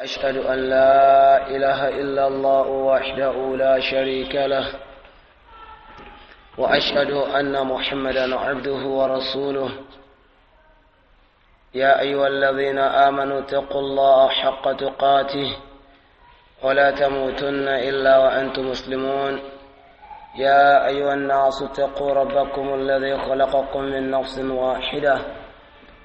أشهد أن لا إله إلا الله وحده لا شريك له وأشهد أن محمدا عبده ورسوله يا أيها الذين آمنوا اتقوا الله حق تقاته ولا تموتن إلا وأنتم مسلمون يا أيها الناس اتقوا ربكم الذي خلقكم من نفس واحدة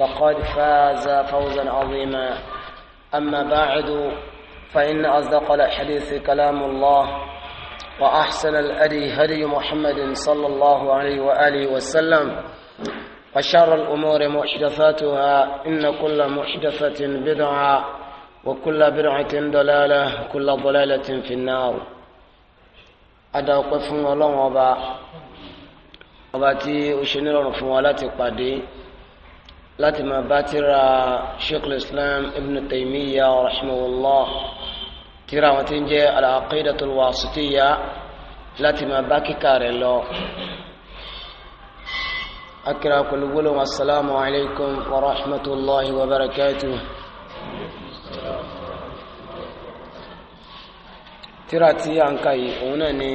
فقد فاز فوزا عظيما أما بعد فإن أصدق الحديث كلام الله وأحسن الأدي هدي محمد صلى الله عليه وآله وسلم وشر الأمور محدثاتها إن كل محدثة بدعة وكل بدعة ضلالة وكل ضلالة في النار أدعوكم الله وبا وباتي أشنير فوالاتي láti máa bá tíra sheikhul islam ibn taymiya rahimahullah tíra àwọn tí ń jẹ́ al-aqidatul wasitiya láti máa bá kíkà rẹ̀ lọ. akira pẹ̀lú gbólóhùn asalaamu alaykum wa rahmatulahi wa barakatuh. tíra tí a ń ka yìí òun náà ni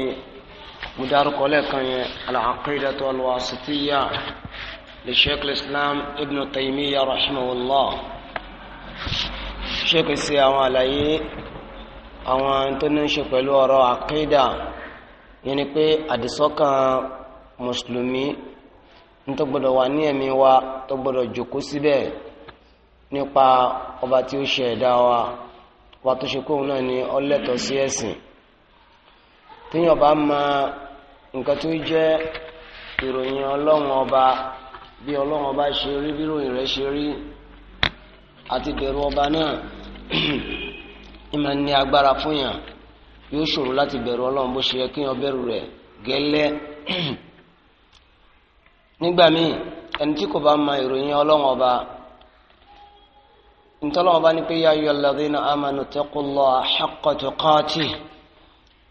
mudarukọ lẹ́ẹ̀kan yẹn al-aqidatul wasitiya. لشيخ الإسلام ابن تيمية رحمه الله شيخ السيام علي àwọn tó ní ṣe pẹ̀lú ọ̀rọ̀ àkídà yẹn ni pé àdìsọ́kàn mùsùlùmí ní tó gbọdọ̀ wà ní ẹ̀mí wa tó gbọdọ̀ jòkó síbẹ̀ nípa ọba tí ó ṣe ẹ̀dá wa wa tó ṣe kóhun náà ni ọlẹ́tọ̀ sí ẹ̀sìn tíyàn bá nǹkan tó jẹ́ ìròyìn ọlọ́run ọba bí ọlọ́run ọba ṣe rí bí ròyìn rẹ̀ ṣe rí àti bẹ̀rù ọba náà ìmọ̀ ní agbára fún yàn yóò ṣòro láti bẹ̀rù ọlọ́run bó ṣe yẹ kí yàn bẹ̀rù rẹ̀ gẹ́lẹ́ nígbà míì ẹni tí kò bá mọ ìròyìn ọlọ́run ọba ntọ́lọ́wọ́ bá ní pé yá yọ alladhina amanu taqullaha haqqa tuqatih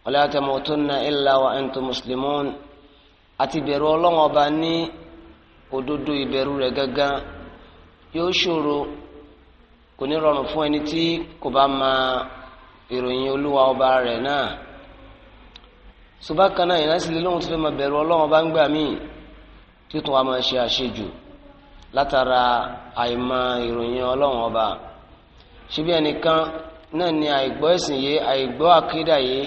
wa la tamutunna illa wa antum muslimun àti bẹ̀rù ọlọ́run ọba ní òdodo ìbẹ̀rù rẹ̀ gangan yóò ṣòro kò ní rọrùn fún ẹni tí kò bá ma ìròyìn olúwa ọba rẹ̀ náà ṣùgbọ́n kan náà ìrìnàṣì lé lóhun tó fẹ́ máa bẹ̀rù ọlọ́run bá ń gbà míì tí ó máa ṣe àṣejù látara àìmọ̀ ìròyìn ọlọ́run ọba ṣíbí ẹnìkan náà ni àìgbọ́ ẹ̀sìn yìí àìgbọ́ àkídà yìí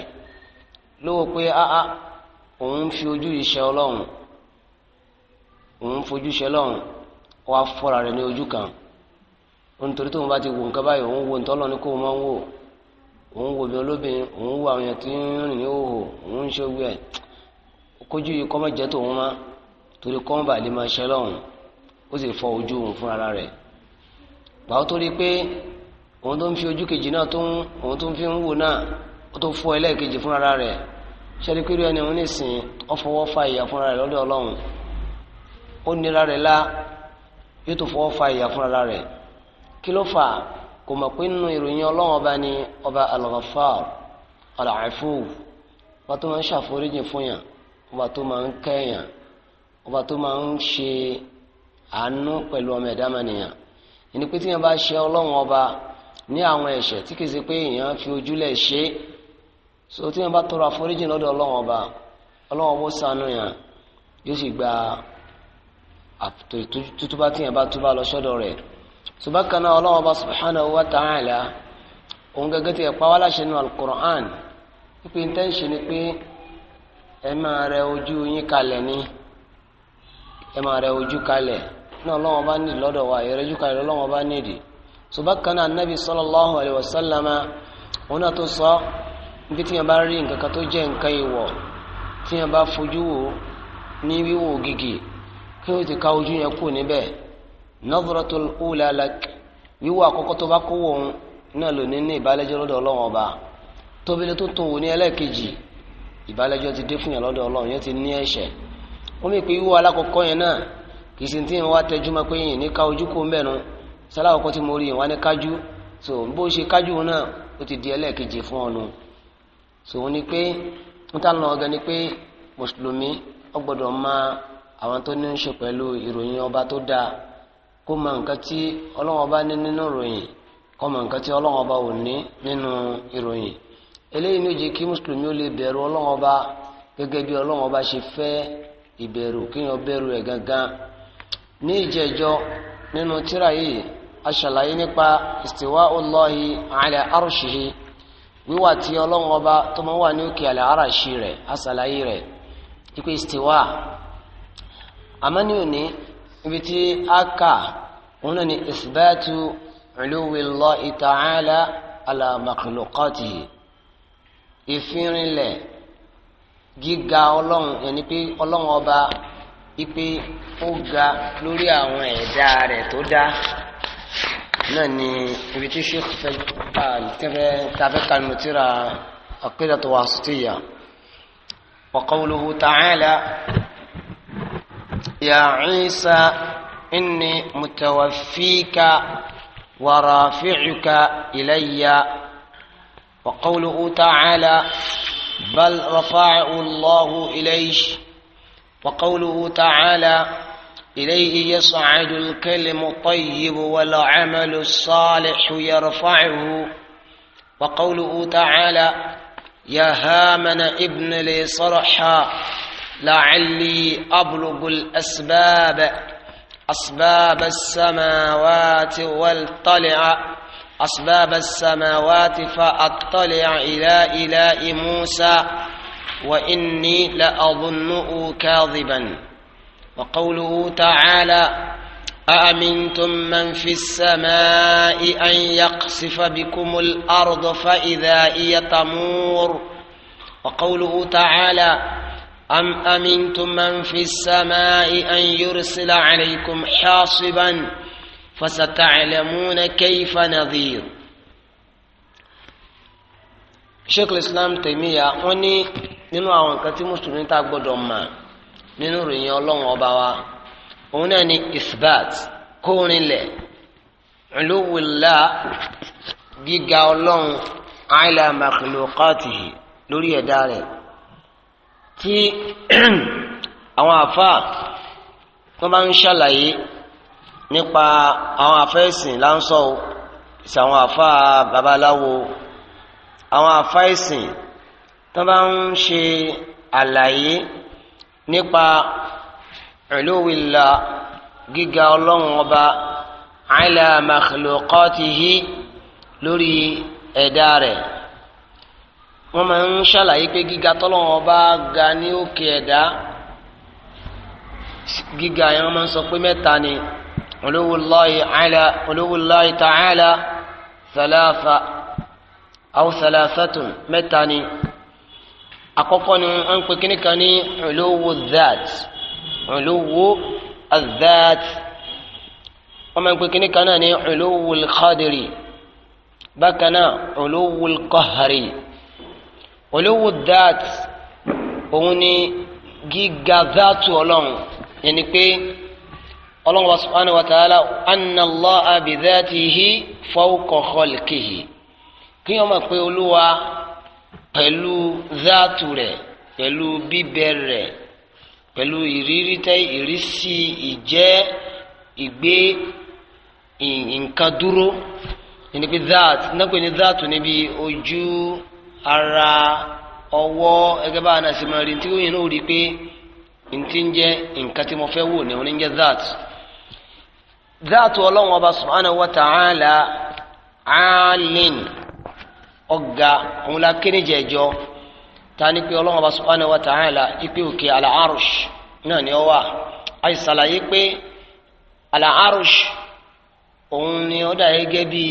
lówó pé áá òun fi ojú ìṣẹ́ ọlọ́run òun fojú ṣe lọ́run ó wá fọ́ra rẹ̀ ní ojú kan nítorí tóun bá ti wo nǹkan báyìí òun wo ntọ́lọ́ ní kó máa ń wò òun wo obìnrin olóbìnrin òun wo àwọn èèyàn tí ń rìn ní òhò òun ń ṣe ogun ẹ̀ kójú yìí kọ́mọ̀ jẹ́ tòun má torí kọ́mọ̀ bá lè máa ṣe lọ́run ó sì fọ ojú òun fúnra rẹ̀ gbàó tó pé òun tó ń fi ojú kejì náà tó ń òun tó ń fi ń wò náà ó tó fọ ẹlẹ́ẹ̀kejì fúnra rẹ̀ ṣẹ́ni pé irú ẹni òun nìsín ọ ó nira rẹ̀ la yóò tó fọwọ́ fa ìyà fúnra rẹ̀ kí ló fà kò mọ̀ pé nínú ìròyìn ọlọ́run ọba ni ọba al-Ghaffar al-Afu ọba tó máa ń ṣàforíjì fún yàn ọba tó máa ń kẹ́yàn ọba tó máa ń ṣe àánú pẹ̀lú ọmọ ẹ̀dá mànìyàn ẹni pé tí yẹn bá ṣe ọlọ́run ọba ní àwọn ẹ̀ṣẹ̀ tí kìí ṣe pé èèyàn fi ojúlẹ̀ ṣe so tí bá tọrọ àforíjì lọ́dọ̀ ọlọ́run ọba ọlọ́run ọba ó ṣàánú yàn yóò sì gba àtútúbá tí yẹn bá lọ sọ́dọ̀ rẹ̀ ṣùgbọ́n kan náà ọlọ́wọ́ bá wa ta'ala òun gẹ́gẹ́ ti ẹ̀pá wá láṣẹ nínú alukur'an pípé ń tẹ́ǹṣe ni pé ẹ máa rẹ ojú yín kalẹ̀ ni ẹ máa rẹ ojú kalẹ̀ bá nídìí lọ́dọ̀ wa ẹ̀rẹ́ ojú kalẹ̀ ọlọ́wọ́ bá nídìí anabi sallallahu alayhi wa sallama òun náà tó sọ níbi tí bá rí nǹkan kan tó jẹ́ nǹkan tó o ti ka ojú yẹn kú níbẹ̀ nadratul ula lak wíwọ àkọ́kọ́ tó bá kó wọn náà lò ní ní ìbálẹ́jọ́ lọ́dọ̀ ọlọ́run ọba tóbi lè tó tó wò ní ẹlẹ́ẹ̀kejì ìbálẹ́jọ́ ti dé fún yàn lọ́dọ̀ ọlọ́run yẹn ti ní ẹ̀ṣẹ̀ wọ́n mi pé wíwọ alákọ̀ọ́kọ́ yẹn náà kì í sì ti wá tẹjú mọ́ pé yìnyín ní ká ojú kó ni àwọn tó ní ń pẹ̀lú ìròyìn ọba tó dáa kó mọ nǹkan tí ọlọ́wọ́n ọba ní nínú ìròyìn kó mọ nǹkan tí ọlọ́wọ́n ọba ò ní nínú ìròyìn eléyìí ní kí mùsùlùmí ó lè bẹ̀rù gẹ́gẹ́ bí ọlọ́wọ́n ọba ṣe fẹ́ ìbẹ̀rù kíyàn bẹ̀rù ẹ̀ gangan ní ìjẹ́jọ́ nínú tíra yìí a nípa a àmọ́ ní òní ibi tí a kà òun náà ni isbatu uluwi Allahi ta'ala ala makhluqatihi ìfirinlẹ̀ gíga ọlọ́run ẹni pé ọlọ́run ọba ipe ó ga lórí àwọn ẹ̀dá rẹ̀ tó dá náà ni ibi sheikh fẹ́ tẹ́fẹ́ tàbí kanutira aqidatu wasitiyya wa qawluhu ta'ala. يا عيسى إني متوفيك ورافعك إلي وقوله تعالى بل رفعه الله إليه وقوله تعالى إليه يصعد الكلم الطيب والعمل الصالح يرفعه وقوله تعالى يا هامن ابن لي صرحا لعلي أبلغ الأسباب أسباب السماوات والطلع أسباب السماوات فأطلع إلى إله موسى وإني لأظنه كاذبا وقوله تعالى أأمنتم من في السماء أن يقصف بكم الأرض فإذا هي تمور وقوله تعالى أم أمنتم من في السماء أن يرسل عليكم حاصبا فستعلمون كيف نذير Sheikh الإسلام Taymiyyah أني ní nínú àwọn nǹkan tí mùsùlùmí tá a gbọ́dọ̀ mọ̀ nínú ìròyìn Ọlọ́run ọba wa òun náà ni isbat kórinlẹ̀ ìlúwìlá gíga Ọlọ́run ala makhluqatihi lórí ẹ̀dá rẹ̀ tí àwọn àfa tó bá ń ṣàlàyé nípa àwọn àfẹ́sìn láńsọ ìsì àwọn àfa babaláwo àwọn àfa ẹ̀sìn tó bá ń ṣe àlàyé nípa ìlúwìlà gíga ọlọ́run ọba ala makhluqatihi lórí ẹ̀dá rẹ̀ wọ́n máa ń ṣàlàyé pé gíga tọ́lọ́wọ́n bá ga ní òkè ẹ̀dá gíga yẹn wọ́n máa ń sọ pé mẹ́ta ni olówóláyé tààlà sàlàfà àwọn sàlàfàtún mẹ́ta ni àkọ́kọ́ ni wọ́n ń pè kíní kan ní olówó that olówó that wọ́n máa ń pè kíní kan náà ní olówó kádìrì bákan náà olówó kọ́hárì olówó dat òun ni gíga dátù ọlọ́run yẹni pé ọlọ́run subhanahu wa ta'ala anna Allaha bi dhatihi fawqa khalqihi kí wọ́n mọ̀ pé olúwa pẹ̀lú dátù rẹ̀ pẹ̀lú bíbẹ rẹ̀ pẹ̀lú ìrírí tẹ́ ìrísí ìjẹ́ ìgbé nǹkan dúró yẹni pé dát náà pé dátù níbi ojú ara ọwọ́ ẹgẹ́ bá náà sì máa rí tí òyìn náà rí pé n ń jẹ́ nǹkan tí mo fẹ́ wò ní òní ń jẹ́ that that ọlọ́run ọba subhanahu wa ta'ala alin ọ̀gá òun la kéde jẹjọ ta ni pé ọlọ́run ọba subhanahu wa ta'ala ipe òkè àlà arush náà ni ọ wà àìsàlàyé pé àlà arush òun ni ó dà gẹ́gẹ́ bí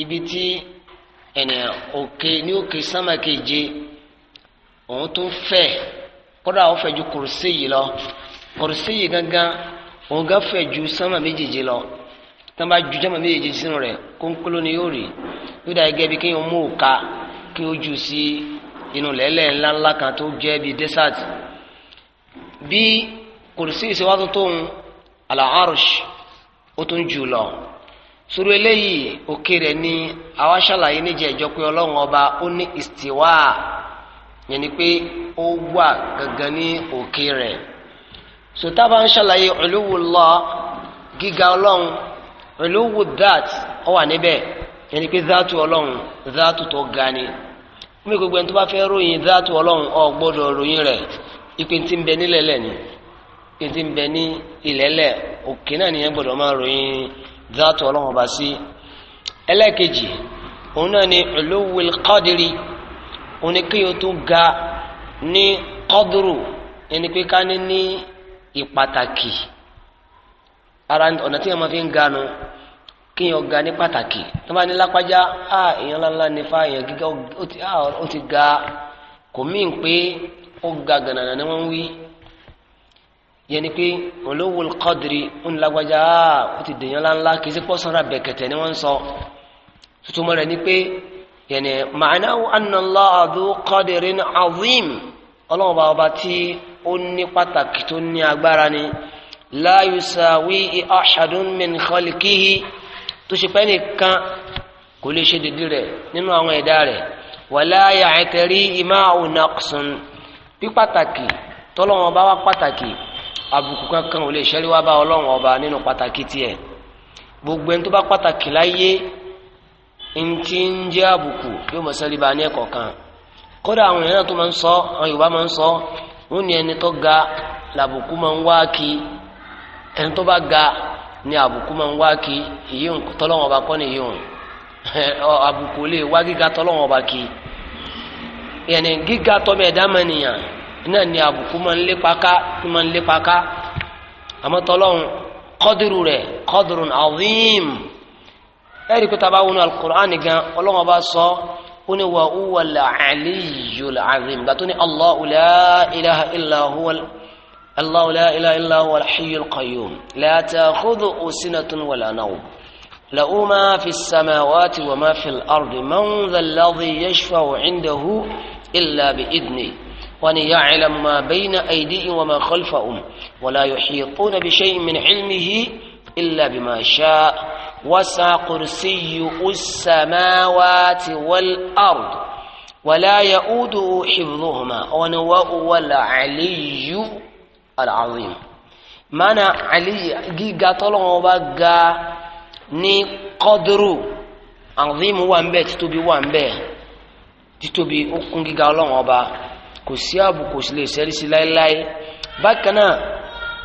ibi tí ẹnì òkè ní òkè sánmà keje òun tó fẹ̀ kódà ó fẹ̀ ju kùrùsí yìí lọ kùrùsí yìí gangan òun gá fẹ̀ ju sánmà méjèèje lọ tán bá ju sánmà méjèèje sínú rẹ̀ kónkóló ni yóò rí yóò dà gẹ́gẹ́ bí kéèyàn mú òka kí ó ju sí inú lẹ́lẹ̀ ńláńlá kan tó jẹ́ bíi desert bí kùrùsí yìí ṣe wá tó tóun àlà arsh ó tún jù lọ. sùrù eléyìí òkè ni ní àwa ṣàlàyé níjẹ́ ìjọ pé ọlọ́run ọba ó ní ìstìwá yẹn ni pé ó wà gangan ní òkè rẹ̀ sòtábà ń ṣàlàyé gíga ọlọ́run dat ọ wà níbẹ̀ yẹn ni pé dátù ọlọ́run dátù tó ga ni gbogbo ẹni tó bá fẹ́ ròyìn dátù ọlọ́run gbọ́dọ̀ ròyìn rẹ̀ ń bẹ nílẹ̀ ń dáàtọ̀ ọlọ́run ọba sí ẹlẹ́ẹ̀kejì òun náà ni ulul qadri òun ni kéèyàn tó ga ní qadru ẹni pé ká ní ní ìpàtàkì ara ọ̀nà tí wọ́n máa fi ń ga nu kéèyàn ga ní pàtàkì tó ní lápájá à èèyàn ńláńlá ní fa èèyàn gíga ó ti ga kò mí pé ó ga gànàgànà ni wọ́n wí yẹn ni pé olówó kọ́dìrì ńlágbájá ó ti dèyàn ńláńlá kì í sí pọ́ sọ́ra bẹ̀kẹ̀tẹ̀ ni wọ́n ń sọ tuntun mọ́ rẹ̀ ni pé yẹn ni ma'anahu anna Allaha dhu qadrin azim ọlọ́run bá ọba tí ó ní pàtàkì tó ní agbára ni la yusawihi ahadun min khalqihi tó ṣe pẹ́ nìkan kò lè ṣe dìdí rẹ̀ nínú àwọn ẹ̀dá rẹ̀ wala ya'tarihi ma'u naqsun bí pàtàkì tọ́lọ́run bá wá pàtàkì àbùkù kankan ò lè ṣẹ́rí wá bá ọlọ́run ọba nínú pàtàkì tiẹ̀ gbogbo ẹni tó bá pàtàkì láyé ntí ń jẹ́ àbùkù yóò mọ̀ sẹ́rí bá ní ẹ̀kọ́ kan kódà àwọn èèyàn tó máa ń sọ àwọn Yorùbá máa ń sọ wọn ní ẹni tó ga làbùkù máa ń wá kí ẹni tó bá ga ni àbùkù máa ń wá kí èyí tọ́lọ́wọ́n ọba kọ́ nìyí òun àbùkù lè wá gíga tọ́lọ́wọ́n ọba kí yẹn gíga tọ́mọ ẹ̀dá nìyàn náà ni àbùkù máa ń lépa ká tí máa ń lépa ká àmọ́ tọ́lọ́hún kọ́dùrú rẹ̀ kọ́dùrún azim ẹ̀rí pé tábà wọnú alukur'an gan ọlọ́wọ́n bá sọ ó ní wà huwa al-aliyyul azim gbàtó ní Allahu la ilaha illa huwa Allahu la ilaha illa huwa al-hayyul qayyum la ta'khudhuhu sinatun wala nawm lahu ma fi as wa ma fi al man dhal-ladhi yashfa'u 'indahu illa bi idhnihi wọ́n ní ya'lamu ma bayna aydihim wa ma khalfahum wa la yuhituna bi shay'in min ilmihi illa bima sha'a wasa kursiyu usamawati wal ard wala yaudu hifdhuhuma wani wa wal aliyu alazim mana ali giga tọlọ́run bá ga ní qadru azim wà ń bẹ títóbi wà ń bẹ títóbi okun giga Ọlọ́run ọba kò sí ààbò kò sì lè ṣẹ́rí sí láéláé bákan náà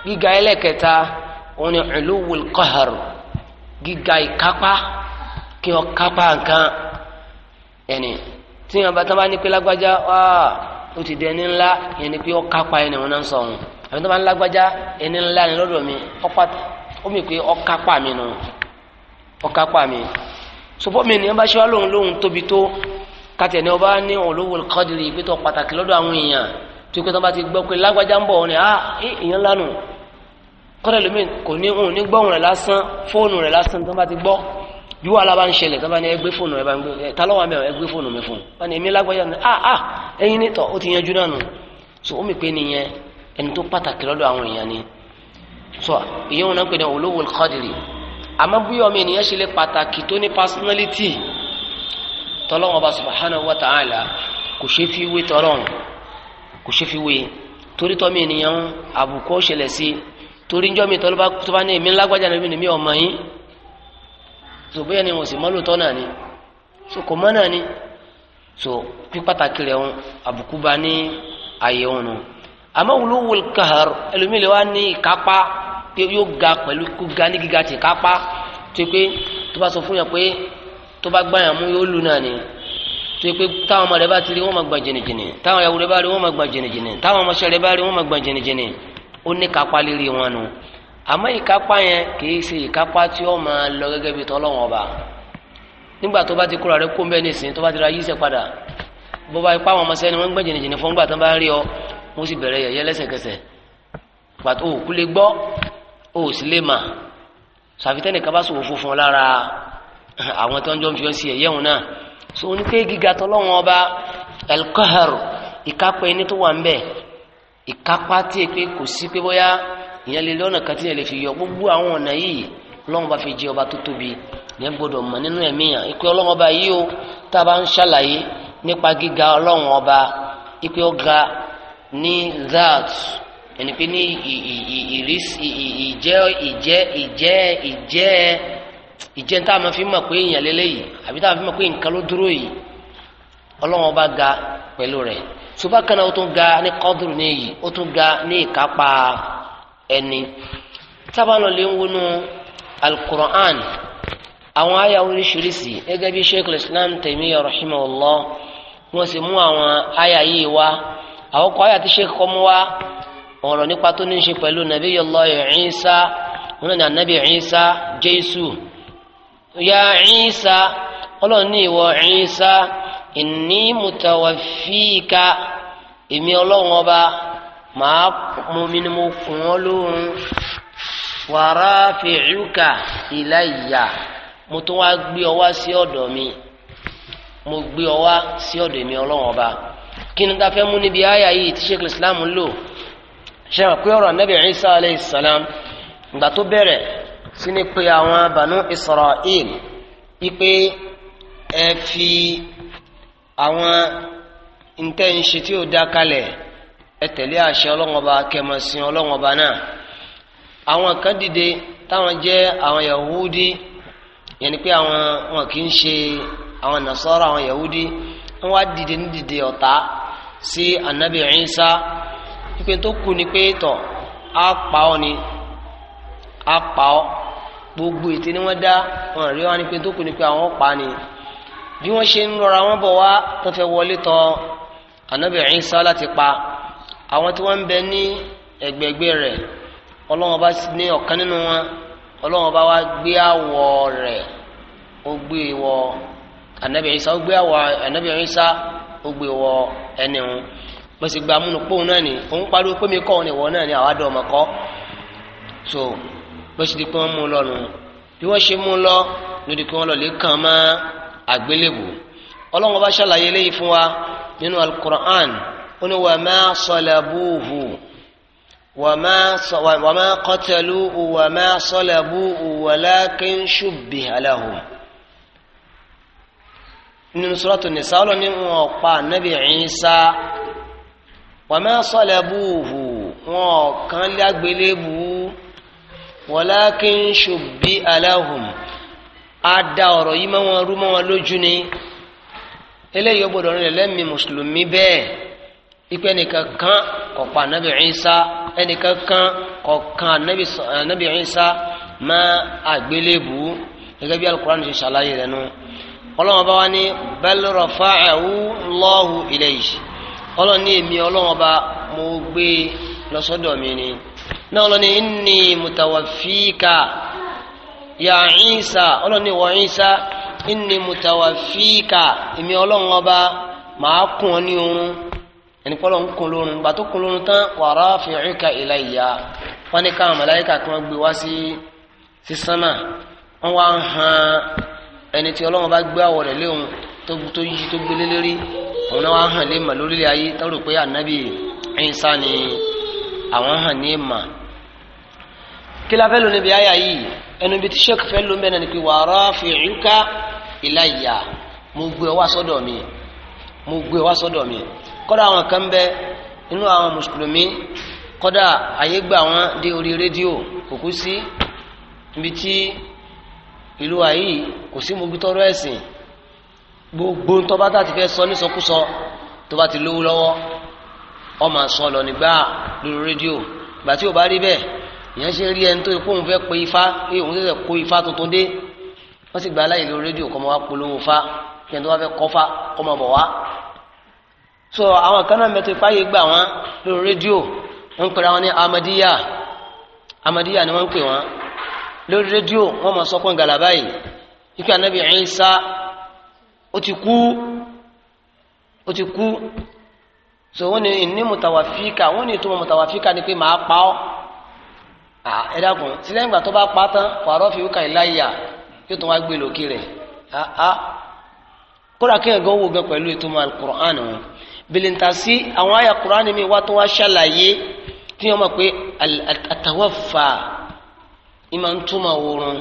gíga ẹlẹ́kẹta wọn ni ulul qahr gíga ìkápá kí wọn kápá nǹkan ẹni tí wọn bá tán bá ní pé lágbájá wáá ó ti di ẹni ńlá yẹn ni pé ó kápá ẹni wọn náà ń sọ ọhún àbí tó bá ń lágbájá ẹni ńlá ni lọ́dọ̀ mi ó mì pé ó mi nù ó mi sọfọ́ mi ni wọ́n bá ṣe wá lóhun lóhun tóbi tó kàtẹ́ ni ọba ní olówó kọ́dìrì pé tó pàtàkì lọ́dọ̀ àwọn èèyàn tó pé tó bá ti gbọ́ pé lágbájá ń bọ̀ ọ́ ni a ah, èèyàn lánà kọ́dà lómi kò ní òun ní gbọ́ òun rẹ̀ lásán fóònù rẹ̀ lásán tó bá ti gbọ́ bí wàhálà bá ń ṣẹlẹ̀ tó bá ní ẹgbẹ́ fóònù ẹ bá ń gbé ẹ eh, talọ́wọ́ mi ẹ gbé fóònù mi fún un wọn ni èmi lágbájá ni a ah, a ah, ẹyin nítọ̀ ó ti yanjú náà nù so ó mi pé nìyẹn ẹni tó pàtàkì lọ́dọ̀ àwọn èèyàn ni so ìyẹn wọn náà pè ní olówó kọ́dìrì àmọ́ bí ọmọ ènìyàn ṣe lè pàtàkì tó ní personality tọ́lọ́wọ́n ọba subhanahu wa ta'ala kò ṣe fi wé tọ́lọ́wọ́n kò ṣe fi wé torí tọ́mi ènìyàn àbùkù ọ̀ṣẹlẹ̀ sí torí njọ́ mi tọ́lọ́ba tó bá ní èmi ńlágbájá níbi ní mi ọmọ yín tó bóyá ni wọ́n sì mọ́ lóòótọ́ náà ni so kò mọ́ náà ni so pípàtàkì rẹ̀ wọn àbùkù bá ní àyè wọn nù àmọ́ wuluwul kahar ẹlòmíì lè wá ní ìkápá yóò ga pẹ̀lú kó ga ní gíga tì kápá tó pé tó bá sọ fún yàn pé tó bá gbàyàn mú yóò lù náà ni tó yẹ pé táwọn ọmọ rẹ bá ti rí wọn máa gbà jìnnìjìnnì táwọn ìyàwó rẹ bá rí wọn máa gbà jìnnìjìnnì táwọn ọmọọṣẹ́ rẹ bá rí wọn máa gbà jìnnìjìnnì ó ní kápá lérí wọn nu àmọ́ ìkápá yẹn kìí ṣe ìkápá tí ó máa lọ gẹ́gẹ́ bí tọlọ́run ọba nígbà tó bá ti kóra rẹ kó mbẹ nísìnyí tó bá ti ra yíṣẹ padà bó bá ipá àwọn ọmọọṣẹ́ ni wọn gbà jìnnìjìnnì fún gbà tó bá rí ọ wọn sì bẹ̀rẹ̀ yẹ̀yẹ́ lẹ́sẹ̀kẹsẹ̀ pàtó àwọn tó ń jọ ń fi ọ sí ẹ̀yẹ́ wọn náà so ní pé gíga tọ́lọ́wọ́n ọba alqahar ìkápá ẹni tó wà ń bẹ̀ ìkápá tí èpè kò sí pé bóyá ìyẹn lè lọ́nà kan tí ìyẹn lè fi yọ gbogbo àwọn ọ̀nà yìí Ọlọ́run bá fi jẹ́ ọba tó tóbi ìyẹn gbọ́dọ̀ mọ̀ nínú ẹ̀mí yàn ìpè Ọlọ́run ọba yìí o tá a bá ń ṣàlàyé nípa gíga Ọlọ́run ọba ìpè ọ̀gá ní that ẹni pé ní ìjẹ́ ìjẹ́ ìjẹ́ ìjẹ́ ìjẹ́ tá a máa fi mọ̀ pé èèyàn lélẹ́yìí àbí tá a máa fi mọ̀ pé nǹkan ló dúró yìí ọlọ́wọ́n bá ga pẹ̀lú rẹ̀ ṣùgbọ́n kan náà ó tún ga ní kọ́dùrú ní èyí ó tún ga ní ìkápá ẹni tábàlọ́ lè ń wọnú alukur'an àwọn àyà oríṣiríṣi gẹ́gẹ́ bí sheikh islam taymiya rahimahullah wọ́n sì mú àwọn àyà yìí wá àwọn kọ́ àyà tí sheikh kọ́ mú wá ọ̀rọ̀ nípa tó ní í ṣe pẹ̀lú nabi yallah Isa wọn náà ní anabi Isa jésù ya Ìsá ọlọ́run ní ìwọ Ìsá inni mutawaffika èmi ọlọ́run ọba màá mú mi ni mo kùn ọ́ lóorun wa rafi'uka ilayya mo tún wá gbé ọ wá sí ọ̀dọ̀ mi mo gbé ọ wá sí ọ̀dọ̀ èmi ọlọ́run ọba kí ni ta fẹ́ mú níbi àyà yìí tí sheikh islam lò ṣe àpé ọ̀rọ̀ anabi Ìsá alayhi salam ìgbà bẹ̀rẹ̀ sí ni pé àwọn Banu Israel ipe ẹ fi àwọn ntẹ́ǹṣe tí ó dá kalẹ̀ ẹ tẹ̀lé àṣẹ ọlọ́ngọba kẹmọ̀sìn ọlọ́ngọba náà àwọn kan dìde táwọn jẹ́ àwọn Yahudi yẹn ni pé àwọn wọn kì í ṣe àwọn Nasara àwọn Yahudi wọn wá dìde ní dìde ọ̀tá sí Anabi Isa ipe tó kù ni pé tọ̀ á pa ọ́ ni á pa ọ́ gbogbo ètè ni wọ́n dá wọn rí wọn ni pé tó kù ni pé àwọn pa ni bí wọ́n ṣe ń rọra wọn bọ̀ wá tó fẹ́ wọlé tọ̀ ànábì Ìsá láti pa àwọn tí wọ́n ń bẹ ní ẹ̀gbẹ̀gbẹ̀ rẹ̀ ọlọ́wọ́n bá ní ọ̀kan nínú wọn ọlọ́wọ́n bá wá gbé àwọ̀ rẹ̀ ó gbé wọ ànábì Ìsá ó gbé àwọ̀ ànábì Ìsá ó gbé wọ ẹni wọn bó sì gba náà ni òun pariwo pé mi kọ́ òun ìwọ náà ni àwa dọ̀ ọmọ kọ́ so bó ṣe di pé wọ́n mú un lọ nù bí wọ́n ṣe mú un lọ lódì pé wọ́n lọ lè kàn mọ́ àgbélébù ọlọ́run bá ṣàlàyé léyìí fún wa nínú alukur'an ó ní wa ma salabuhu wa ma qataluhu wa ma salabuhu walakin shubbiha lahum nínú sọ́lọ́tò nìsa ọlọ́ni wọn pa nábì Ìsá wa ma salabuhu wọn kàn lé walakin shubbiha lahum á da ọ̀rọ̀ yìí mọ́ wọn rú mọ́ wọn lójú ni eléyìí ó gbọ́dọ̀ rìn lẹ́mìí mùsùlùmí bẹ́ẹ̀ ipe ẹnìkan kan kò pa anabi Isa ẹnìkan kan kò kan anabi Isa má àgbélébù gẹ́gẹ́ bí alukur'an ṣe ṣàlàyé rẹ̀ nu ọlọ́wọ́n bá wá ní bal rafa'ahu Allahu ilayhi ọlọ́wọ́n ní èmi ọlọ́wọ́n bá mo gbé e lọ mi ni. náà ọlọ́ni inni mutawafika ya Isa ọlọni wọ Isa inni mutawafika èmi ọlọ́run màá kún ọ ní oorun ẹni pọ́lọ́ ń kún lórun gbà tó tán wa rafi'uka ilayya wọ́n ní káwọn màláíkà kí wọ́n gbé wá sí wá ń han ẹni tí ọlọ́run gbé àwọ̀ rẹ̀ tó yí tó gbélé lérí òun náà wá hàn lé màlúrí ayé tó Isa àwọn hàn ní ìmà kí la fẹ́ lò níbi àyà yìí ẹnu ibi tí sheik fẹ́ lò ń bẹ́ẹ̀ náà ni pé wàrà fìrìkà ìlàyà mo gbé wá sọ́dọ̀ mi mo gbé wá sọ́dọ̀ mi kọ́dà àwọn kan bẹ inú àwọn mùsùlùmí kọ́dà àyè gbà wọ́n dé orí rédíò kò sí ibi tí ìlú wa kò sí mobi tọrọ ẹ̀sìn gbogbo ntọ́ba tá ti fẹ́ sọ ní sọkúsọ tó bá ti lówó lọ́wọ́ ọmọ sàn lọ nígbà lórí rédíò ìgbà tí ò bá rí bẹ́ẹ̀ ìyẹn ṣe rí ẹni tó yẹ kóun fẹ́ pe ifá pé òun ṣẹ̀ṣẹ̀ kó ifá tuntun dé wọ́n sì gba aláyè lórí rédíò kọ́ mọ́ wá polówó fa kí ẹni tó wá fẹ́ kọ́ fa kọ́ mọ́ bọ̀ wá. so àwọn kan náà mẹ́tò ifá yìí gbà wọ́n lórí rédíò wọ́n pèrè àwọn ní amadiya amadiya ni wọ́n ń pè wọ́n lórí rédíò wọ́n mọ̀ sọ́kún galaba yìí ikú anabi Isa ó ti kú ó ti kú so wọ́n ní ní mùtàwáfíkà wọ́n ní ìtumọ̀ mùtàwáfíkà ni pé màá pa ọ́ ẹ dákun tí lẹ́yìn ìgbà tó bá pa tán pààrọ̀ fi wíkà ìláyà yóò tún wá gbé lókè rẹ̀ kódà kéèyàn gan wò gan pẹ̀lú ìtumọ̀ alukur'an wọn bilintasi àwọn àyà kur'an mi wá tó wá ṣàlàyé tí wọ́n mọ̀ pé àtàwọ̀fà ìmọ̀ ń túmọ̀ wòrán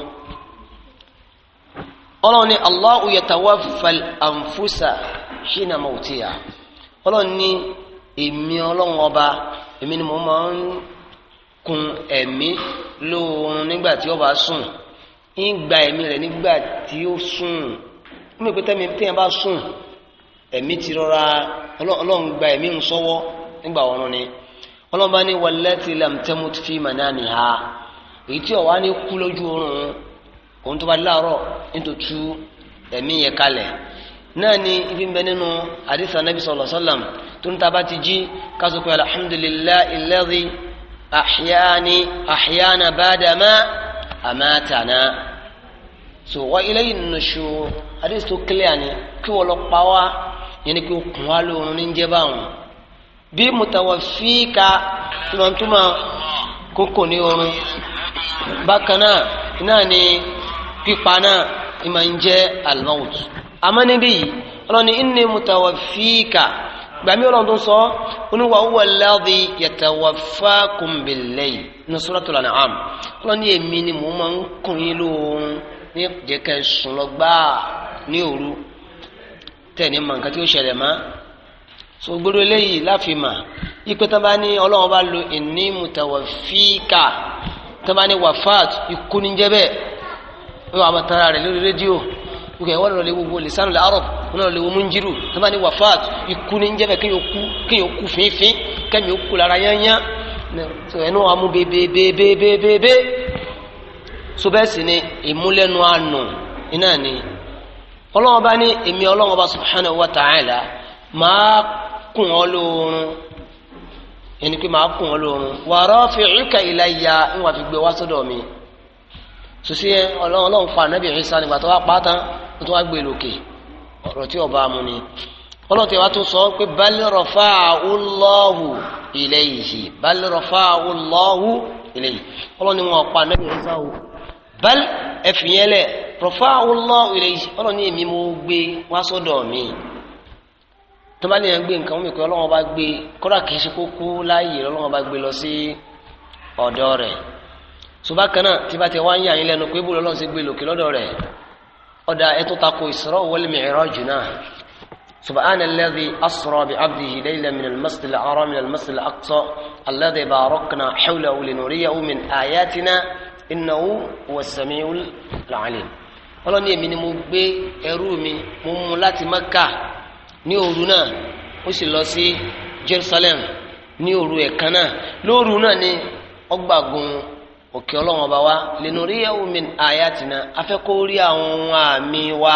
ọlọ́run ni Allahu yatawaffa al-anfusa hina mawtiha ọlọ́run ni èmi ọlọ́run ọba èmi ni mo máa ń kun ẹ̀mí lóorun nígbà tí ó bá sùn ń gba ẹ̀mí rẹ̀ nígbà tí ó sùn ó mọ̀ pé tẹ́mi tẹ́yìn bá sùn ẹ̀mí ti rọra ọlọ́run gba ẹ̀mí ń sọ́wọ́ nígbà ọ̀run ni ọlọ́run bá ní wallati lam tamut fi manamiha èyí tí ọ̀wá ní kú lójú oorun òun tó bá láàárọ̀ nítòtú ẹ̀mí yẹn kalẹ̀ náà ni ibi ń bẹ nínú àdìsá nàbí sọlọ sọlọm tó ń ta bá ti jí kásò pé alhamdulillahi alladhi ahyani ahyana ba'dama amatana so wa ilayhin nushur àdìsá tó kílẹ̀ àní kí wọ́n lọ pa wá yẹn ni kí ó kùn wá lóorun ní jẹ́ báwọn bí mutawaffika túmọ̀túmọ̀ kókò ní oorun bákan náà náà ni pípa náà ìmọ̀ ń jẹ́ al a yìí ọlọ́ni inni mutawaffika gbàmí ọlọ́run tó ń sọ oníwà huwa alladhi yatawaffakum bil-layl ní ọlọ́ni èmi ni mo máa ń kùn yín ní jẹ́kẹ́ sùn ní òru tẹ̀lé mọ̀ nǹkan tí ó ṣẹlẹ̀ mọ́ so gbogbo ipe bá ní bá lo gbogbo ẹ̀wọ́n lọ lè wo lisanu arab wọn lọ lè wo munjiru tó bá ní wafat ikú ní jẹ́bẹ̀ kéèyàn kú kéèyàn kú fínfín kẹ́mi ó kú lára yányá tó ẹnu wa mú bébébébébébé so bẹ́ẹ̀ sì ni ìmúlẹ́nu àánú iná ni ọlọ́wọ́n bá ní èmi ọlọ́wọ́n bá subhanahu wa ta'ala máa kùn ọ́ lóorun ẹni pé máa kùn ọ́ lóorun wa rafi'uka ilayya ń wà fi gbé wá sọ́dọ̀ mi sosi ọlọ́run fa anabi Isa nígbà tó wá pa á tán ó tún wá gbé e lókè ọ̀rọ̀ tí ọba mu ni ọlọ́run tí wàá tún sọ pé bal rafa'ahu Allahu ilayhi bal rafa'ahu Allahu ilayhi ọlọ́run ni wọn pa anabi Isa o bal ẹ̀fìyẹ́lẹ̀ rafa'ahu Allahu ilayhi ọlọ́run ni èmi mo gbé wá sọ́dọ̀ mi tó bá ní ẹ̀ gbé nǹkan mi pé ọlọ́run bá gbé kọ́dà kìí ṣe kókó láàyè ọlọ́run bá gbé lọ sí ọ̀dọ̀ rẹ̀ ṣùgbọ́n bákan náà ti wá ń yà yín lẹ́nu pé bó lọ́lọ́run ṣe gbé lòkè lọ́dọ̀ rẹ̀ ọ̀dà ẹ̀ tó Isra wal Mi'raj náà سبحان الذي أسرى بعبده ليلا من المسجد الحرام إلى المسجد الأقصى الذي باركنا حوله لنريه من آياتنا إنه هو السميع العليم ọlọ́run ní èmi ni mo gbé ẹrú mi mo mú láti mẹ́kà ní òru náà ó sì lọ sí jerusalem ní òru ẹ̀kan náà lóru náà ni ọgbàgun òkè ọlọ́run ọba wa linuriyahu min ayatina afẹ́kọ́rí àwọn ohun àmì wa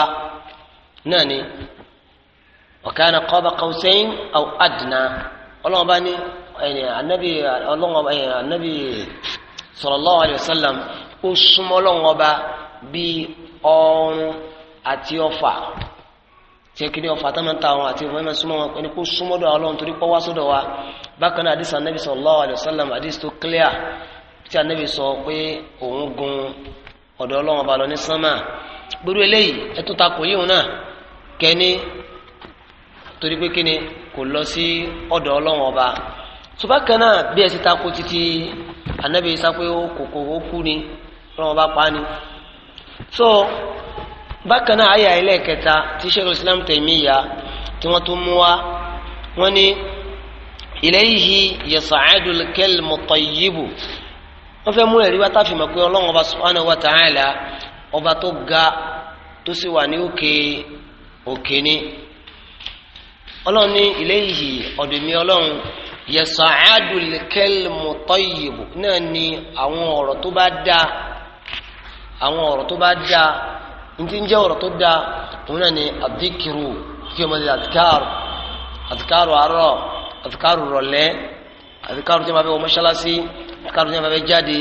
náà ni wa kana qaba qawsayn aw adna ọlọ́run ọba ní anabi ọlọ́run ọba anabi sallallahu alayhi sallam ó súnmọ́ ọlọ́run ọba bíi ọrùn àti ọfà tí kiri ọfà táwọn ta àwọn àti ìfọwọ́mọ súnmọ́ wọn ẹni kó súnmọ́ dọ̀ ọlọ́run torí pọ́ wa bákan náà àdìsí anabi sallallahu alayhi wa sallam àdìsí clear tí anabi sọ pé òun gun ọ̀dọ̀ ọlọ́run ọba lọ ní sánmà gbúrú eléyìí ẹtún ta kò yíwọn náà kẹ́ni torí pé kíni kò lọ sí ọ̀dọ̀ ọlọ́run ọba tubakẹ́ náà bí ẹ ta kò títí anabi sá pé ó kòkò ó kú ni ọlọ́run ọba pa ni so bákan náà ayé ẹlẹ́ẹ̀kẹta tí sheikh islam Taymiyya tí wọ́n tún mú wa wọ́n ní ilayhi yas'adul kalmu tayyibu. wọ́n fẹ́ mú ẹ̀rí wá tá fi mọ̀ pé ọlọ́run ọba subhanahu wa ta'ala ọba tó ga tó sì wà ní òkè òkè ni ọlọ́run ní ilé yìí ọ̀dùnmí ọlọ́run ni àwọn ọ̀rọ̀ tó bá dáa àwọn ọ̀rọ̀ tó bá dáa ntí ń jẹ́ ọ̀rọ̀ tó dáa òun náà ni adikiru ọmọdé àtikárù yẹn bàbá jáde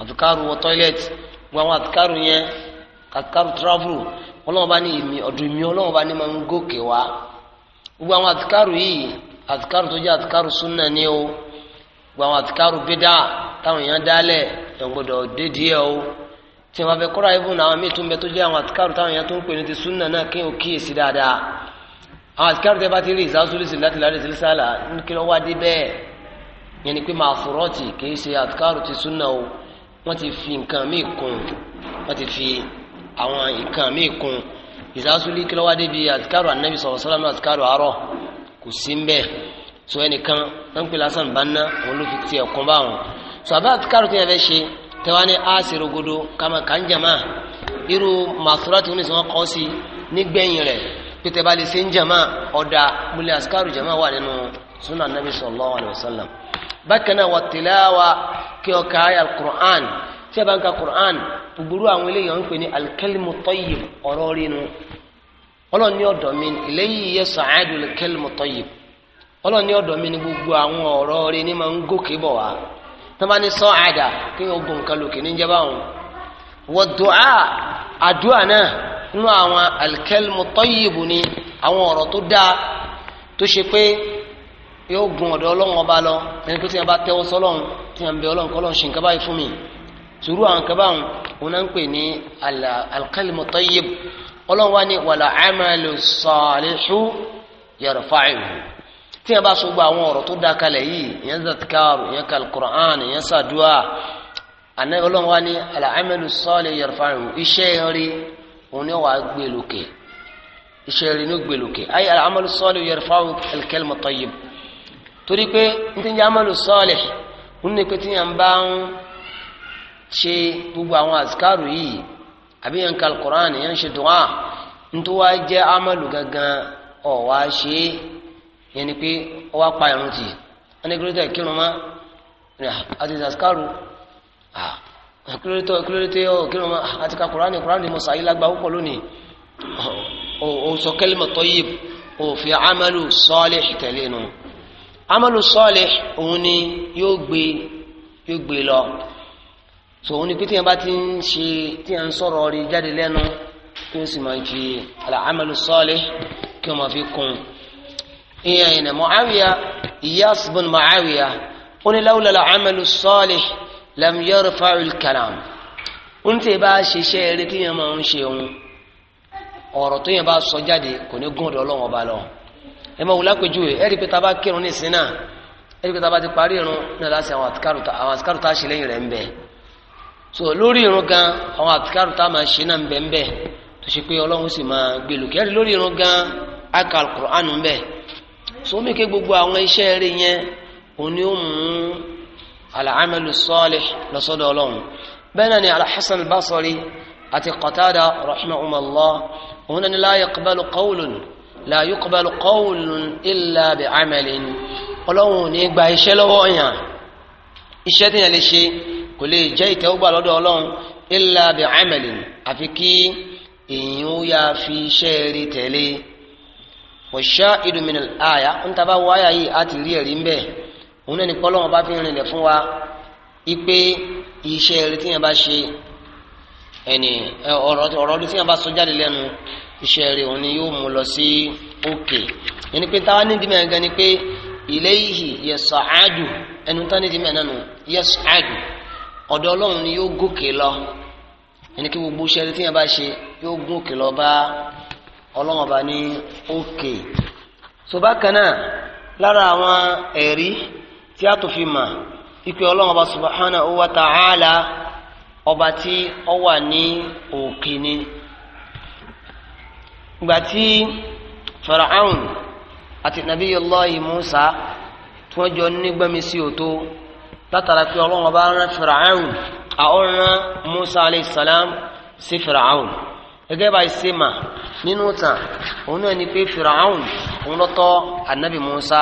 àtikárù wọ tọ́ílẹ̀tì gbogbo àwọn àtikárù yẹn àtikárù travel ọlọ́wọ́n bá ní ìmí ọ̀dọ̀ ìmí ọlọ́wọ́n bá ní máa ń gòkè wá gbogbo àwọn àtikárù yìí àtikárù tó jẹ́ àtikárù súnà ni o gbogbo àwọn àtikárù bídà táwọn èèyàn dálẹ̀ ẹ̀gbọ́dọ̀ dédìí ẹ̀ o tí wọn bẹ kọ́ra ibùn àwọn míì tó ń bẹ tó jẹ́ àwọn àtikáàrù táwọn èèyàn tó ń pè ní ti súnà náà kí o kíyèsí dáadáa àwọn àtikáàrù tẹ bá ti rí ìsáwọ́sọ́lẹ́sì láti láti sílẹ̀ sálà ní kí lọ́wọ́ adé bẹ́ẹ̀ yẹn ni pé màfúrọ́tì kìí ṣe àtikárù ti súnà o wọ́n ti fi nǹkan míì kún wọ́n ti fi àwọn nǹkan míì kún ìsásúlì kí ló wá débi àtikárù ànábì sọ̀rọ̀ sọ́lámù àtikárù àárọ̀ kò sí ń bẹ́ẹ̀ so ẹnìkan wọ́n ń pè lásán bá ná òun ló fi ti ẹ̀kún bá wọn so àbá àtikárù tó yẹ fẹ́ ṣe tẹ́wá ní áàsìrì ogodo kàmá kàńjàmá irú màfúrọ́tì oníṣẹ́ wọn kọ́ sí nígbẹ̀yìn rẹ̀ pété bá lè ṣe ń jàmá ọ̀dà múlẹ̀ àtikárù jàmá wà nínú sunan nabi sallallahu alayhi wa sallam bákan náà wà tìláwà kí ọkà ayà alukur'an tí a bá ń ka alukur'an gbogbo àwọn eléyìí wọn ń pè ní alikẹ́lìmù tọ́yìb ọ̀rọ̀ rinu ọlọ́run ní ọ̀dọ̀ mi eléyìí yẹ sàáàdù alikẹ́lìmù tọ́yìb ọlọ́run ní ọ̀dọ̀ mi ní gbogbo àwọn ọ̀rọ̀ rinu máa ń gòkè bọ̀ wá tọ́ba ní sọ kí wọ́n gbọ̀n kan lókè ní jẹba wọn. wọ́n dùá àdúrà náà nínú àwọn alikẹ́lìmù tọ́yìb ni àwọn ọ̀rọ̀ tó dáa tó ṣe pé yóò gun ọ̀dọ̀ ọlọ́run ọba lọ ẹni pé tí wọn bá tẹ́wọ́ sọlọ́run tí wọn bẹ ọlọ́run kọ́lọ́run ṣe nǹkan báyìí fún mi sùúrù àwọn nǹkan báwọn òun náà ń pè ní alkalimu tayyib ọlọ́run wá ní wàlà amalu salihu yarfa'uhu tí wọn bá so gba àwọn ọ̀rọ̀ tó dá kalẹ̀ yìí ìyẹn zatikaru ìyẹn kalkuran ìyẹn sàdúà àná ọlọ́run wá ní àlà amalu salihu yarfa'uhu iṣẹ́ rí òun ni wàá gbé iṣẹ́ rí ni ó ayé àlà amalu salihu yarfa'uhu alkalimu tayyib torí pé n ti ń jẹ́ amalu salih ń ní pé tí yàn bá ń ṣe gbogbo àwọn azikaru yìí àbí yàn ka alukur'an yàn ṣe dùn á ntó wá jẹ́ amalu gangan ọ̀ wá ṣe é yẹn ni pé ọ wá pa irun tì wọ́n ní kílódé kírun mọ́ àti ah, azikaru ah, kílódé kílódé ọ kírun mọ́ àti ah, ka kur'an kur'an mo sàyí lágbá púpọ̀ lónìí ọ̀ ọ̀ sọ kẹ́lẹ́mọ̀ tayyib ọ̀ fi amalu salih tẹ̀lé nu amalu sọ́ọ̀lì òun ni yóò gbé yóò gbé lọ so òun ni pé tíyẹn bá ti ń ṣe tíyẹn ń sọ̀rọ̀ rí jáde lẹ́nu kí ó sì máa fi àlà amalu sọ́ọ̀lì kí ó máa fi kún ìyẹn ìnà Muawiya Iyas bin Muawiya ó ní lawla la amalu sọ́ọ̀lì lam yarfa'ul kalam ń tẹ̀ bá ṣiṣẹ́ eré tíyẹn máa ń ṣe òun ọ̀rọ̀ tíyẹn bá sọ jáde kò ní gún ọ̀dọ̀ ọlọ́wọ́n ọba lọ́wọ́ ẹ máa wò lápèjúwe ẹ rí i pé tá a bá kírun ní ìsìn náà ẹ rí i pé tá a bá ti parí irun náà láti àwọn àtikárùtà àwọn àtikárùtà àṣìlẹ́yìn rẹ̀ ń bẹ so lórí irun gan àwọn àtikárùtà máa ṣe náà ń bẹ ń bẹ tó ṣe pé ọlọ́run sì máa gbé lòkè ẹ rí lórí irun gan aka alukur'an ń bẹ so omi ké gbogbo àwọn iṣẹ́ rẹ̀ yẹn òun ó mú al-amalu lọ́sọ́dọ̀ ọlọ́run bẹ́ẹ̀ náà ni al-Hasan al-Basri àti Qatada òun náà ni la yaqbalu qawlun la yuqbalu qawlun illa bi amalin ọlọ́run ní gba iṣẹ́ lọ́wọ́ yàn iṣẹ́ tí yàn lè ṣe kò lè jẹ́ ìtẹ́wọ́gbà lọ́dọ̀ ọlọ́run illa bi amalin àfi kí èyàn ó yà fi iṣẹ́ rí tẹ̀lé wa shahidu minal aya ń taba wọ àyà yìí á ti rí ẹ̀rí ń òun náà ní kọ́lọ́run bá fi rinlẹ̀ fún wa ipe iṣẹ́ rí tí yàn bá ṣe ẹni ọ̀rọ̀ ọdún tí yàn bá sọ jáde lẹ́nu iṣẹ́ rẹ̀ òun ni yóò mú lọ sí òkè yẹn ni pé táwa ní dìmẹ̀ gan ni pé ilayhi yas'adu ẹnu tán ní dìmẹ̀ náà nù yas'adu ọ̀dọ̀ ọlọ́run ni yóò gòkè lọ yẹn ni pé gbogbo iṣẹ́ rẹ̀ tí yẹn bá ṣe yóò gòkè lọ bá ọlọ́run ọba ní òkè so bákan lára àwọn ẹ̀rí tí a tó fi mà ikú ọlọ́run ọba subhanahu wa ta'ala ọba tí ó wà ní òkè ni gbàtí Fáráò àti Nabiyullahi Musa tí wọ́n jọ nígbàmí sí òtó látara pé Ọlọ́run bá rán Fáráò àọ́rán Musa aleyhisselam sí Fáráò gẹ́gẹ́ bá ṣe mà nínú tàn òun náà ni pé Fáráò òun lọ́tọ́ anabi Musa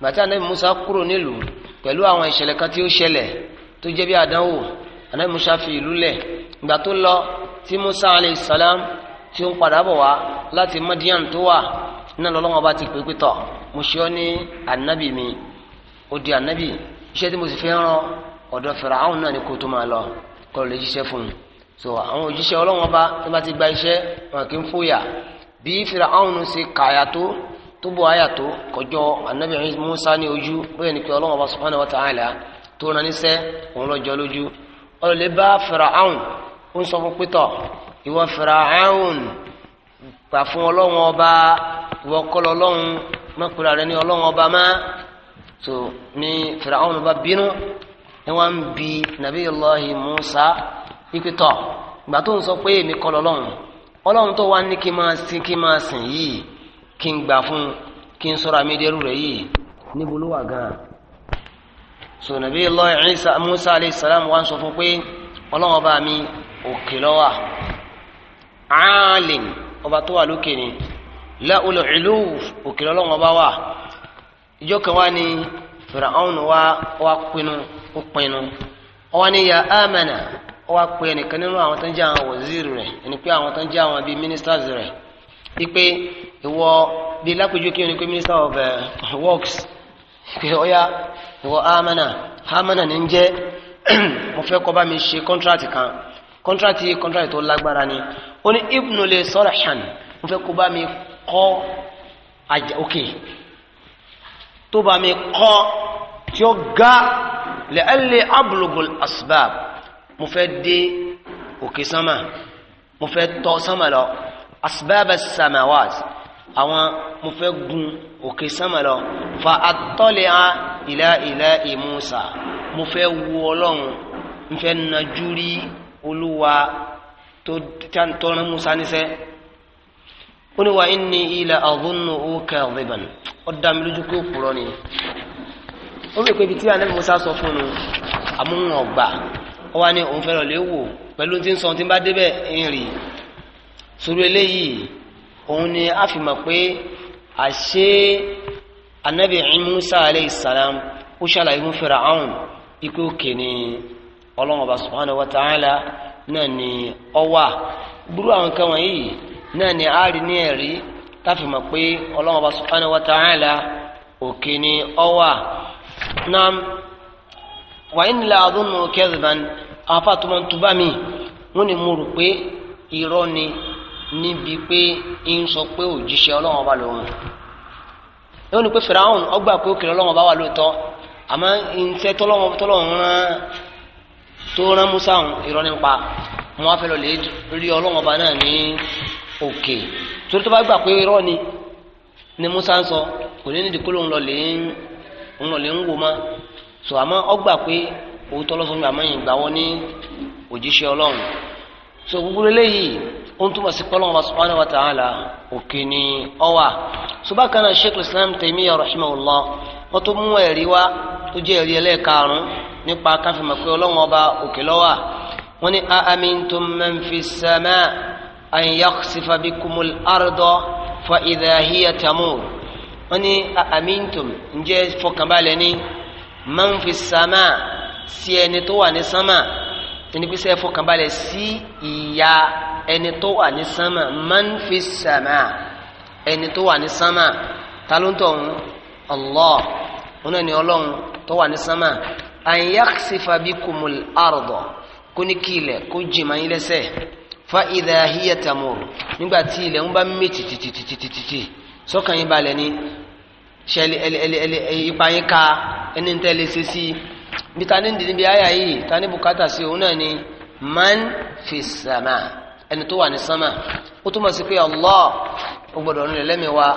gbàtí anabi Musa kúrò nílùú pẹ̀lú àwọn ìṣẹ̀lẹ̀ kan tí ó ṣẹlẹ̀ tó jẹ́ bí àdánwò anabi Musa fi ìlú lẹ̀ gbà lọ tí Musa aleyhisselam tí ó ń padà bọ̀ wá láti madian tó wà náà lọ́lọ́wọ́ bá ti pè pé tọ̀ mo ṣe ọ́ ní ànábì mi ó di ànábì iṣẹ́ tí mo sì fẹ́ rán ọ̀dọ̀ Fáráò náà ni kó tó máa lọ kọ́ lè jíṣẹ́ fún un so àwọn òjíṣẹ́ ọlọ́wọ́n bá tó bá ti gba iṣẹ́ wọn kì í fòyà bí Fáráò ṣe kàyà tó tó bọ̀ àyà tó kọjọ́ ànábì Mùsá ní ojú bóyá ni pé ọlọ́wọ́n bá subhanahu wa ta'ala tó rán níṣẹ́ òun lọ́jọ́ lójú ọ̀rọ̀ lè bá Fáráò ń sọ fún ìwọ fìràhàn gbà fún ọlọ́run ọba ìwọ kọlọ ọlọ́run rẹ ní ọlọ́run ọba má tó ní fìràhàn ọba bínú ni wọ́n ń bi Nabiyullahi Musa ipe tọ̀ tó ń sọ pé èmi kọlọ ọlọ́run ọlọ́run tó wá ní kí máa sin kí máa sìn yìí kí n gbà fún kí n sọ̀rọ̀ àmìdẹ́rù so Musa alayhi salam wá ń sọ fún pé mi alim ọba tó wà lókè ni láwùlọ ìlú òkèlè ọlọ́run ọba wà ìjọ kan wá ní fìràhónù wá wá pinnu ó pinnu ọwọ́ ní ya amana ó wá pe ẹnìkan nínú àwọn tó ń jẹ́ àwọn wòzíìrì rẹ̀ ẹni pé àwọn tó ń jẹ́ àwọn bíi ministers rẹ̀ wípé ìwọ kí ni pé minister of uh, kan contract yìí contract tó lágbára ni ó ní ibnu lè sọ̀rọ̀ ṣàn mo fẹ́ kó bá mi kọ́ àjà òkè tó bá mi kọ́ tí ó ga lẹ́ẹ̀lẹ́ abúlùgùn asbab mo fẹ́ dé òkè sánmà mo fẹ́ tọ́ sánmà lọ asbab samawat àwọn mo fẹ́ gun òkè sánmà lọ fa atọ́lẹ̀ á ilá ilá ìmúsà mo fẹ́ wu ọlọ́run mo fẹ́ najú olúwa tó tọ́ran musa níṣẹ́ ó ní wa inni ila adhunnuhu kadhiban ó dá mi lójú pé òpùrọ́ ni ó rí i pé ibi tí anabi musa sọ fún un àmúhùn ọgbà ó wá ní òun fẹ́ràn lè pẹ̀lú tí ń sọ tí ń bá débẹ̀ ń rì sórí eléyìí òun ni a fi mọ̀ pé àṣé anabi musa alayhi salam ó ṣàlàyé fún Fir'aun ikú òkè ni subhanahu wa ta'ala. náà ni ọwà burú àwọn i wọ̀nyí náà ni a rí ní ẹ̀rí táfi mọ̀ pé ọlọ́run oke subhanahu wa na òkè ni ọwà na kẹ́sìbán afa tó máa mi ni níbi pé sọ pé òjíṣẹ́ ọlọ́run ọba lòun wọ́n pé ọgbà pé tó rán musa irọ́ nípa wọn á fẹ́ lọ lè rí ọlọ́wọ́n ọba náà ní òkè torí tó bá gbà pé irọ́ ni ni musa ń sọ kò ní nídìí kólóhùn lọ lè ń lọ lè ń wò má so àmọ́ ọ gbà pé òótọ́ lọ́sọ̀ mi àmọ́ yìí gbà wọ́n ní òjíṣẹ́ ọlọ́run so gbogbo eléyìí ó ń túmọ̀ sí pọ́lọ́n wa subhanahu òkè ni ọ wà sheikh wọ́n tó mú ẹ̀rí wá tó jẹ́ ẹ̀rí ẹlẹ́ẹ̀karùn-ún nípa káfíńmọ̀ pé ọlọ́run ọba òkè lọ́wà wọ́n ní aamintum man fi samaa an yakhsifa bikumul arda fa idha hiya tamur wọ́n ní aamintum ǹjẹ́ fọkànbalẹ̀ ní man fi samaa sí ẹni tó wà ní sánmà ẹni pé sẹ́ fọkànbalẹ̀ sí ìyá ẹni tó wà ní sánmà man ẹni tó wà ní sánmà ta ń Allah ọ̀nà ni ọlọ́run tó wà ní sánmà an yakhsifa bikumul arda kó ní kí ilẹ̀ kó jìmá yín lẹ́sẹ̀ fa idha hiya tamur nígbà tí ilẹ̀ ń bá mì tìtìtìtìtìtì sọ́kàn yín balẹ̀ ni ṣe ipa yín ka ẹni tẹ́lẹ̀ ṣe sí bí ta ní dìní bí àyà yìí ta ní bùkátà sí òun náà ni man fi sàmà ẹni tó wà ní sánmà ó túmọ̀ sí pé Allah ó gbọ́dọ̀ nílẹ̀ lẹ́mìí wa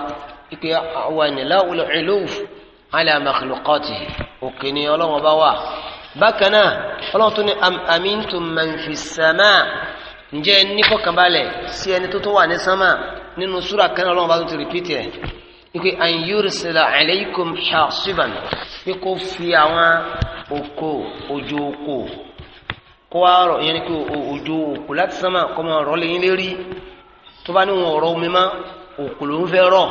ìpè àwọn ènìyàn láwùlọ̀ ìlú ala makhluqatihi òkè ni ọlọ́run bá wà bákan náà ọlọ́run tó ní amintum man fi sama ǹjẹ́ nífọ̀kànbalẹ̀ sí ẹni tó tó wà ní sama nínú súra kan ọlọ́run bá tó ti rìpítì ẹ̀ ikú an yursila alaykum hasiban pé kó fi àwọn oko ojú oko kó wá rọ̀ ìyẹn ni pé oko láti sama kọ́ mọ́ ọ̀rọ̀ lẹ́yìn tó bá ní wọn ọ̀rọ̀ omi mọ́ òkú ló ń fẹ́ rọ̀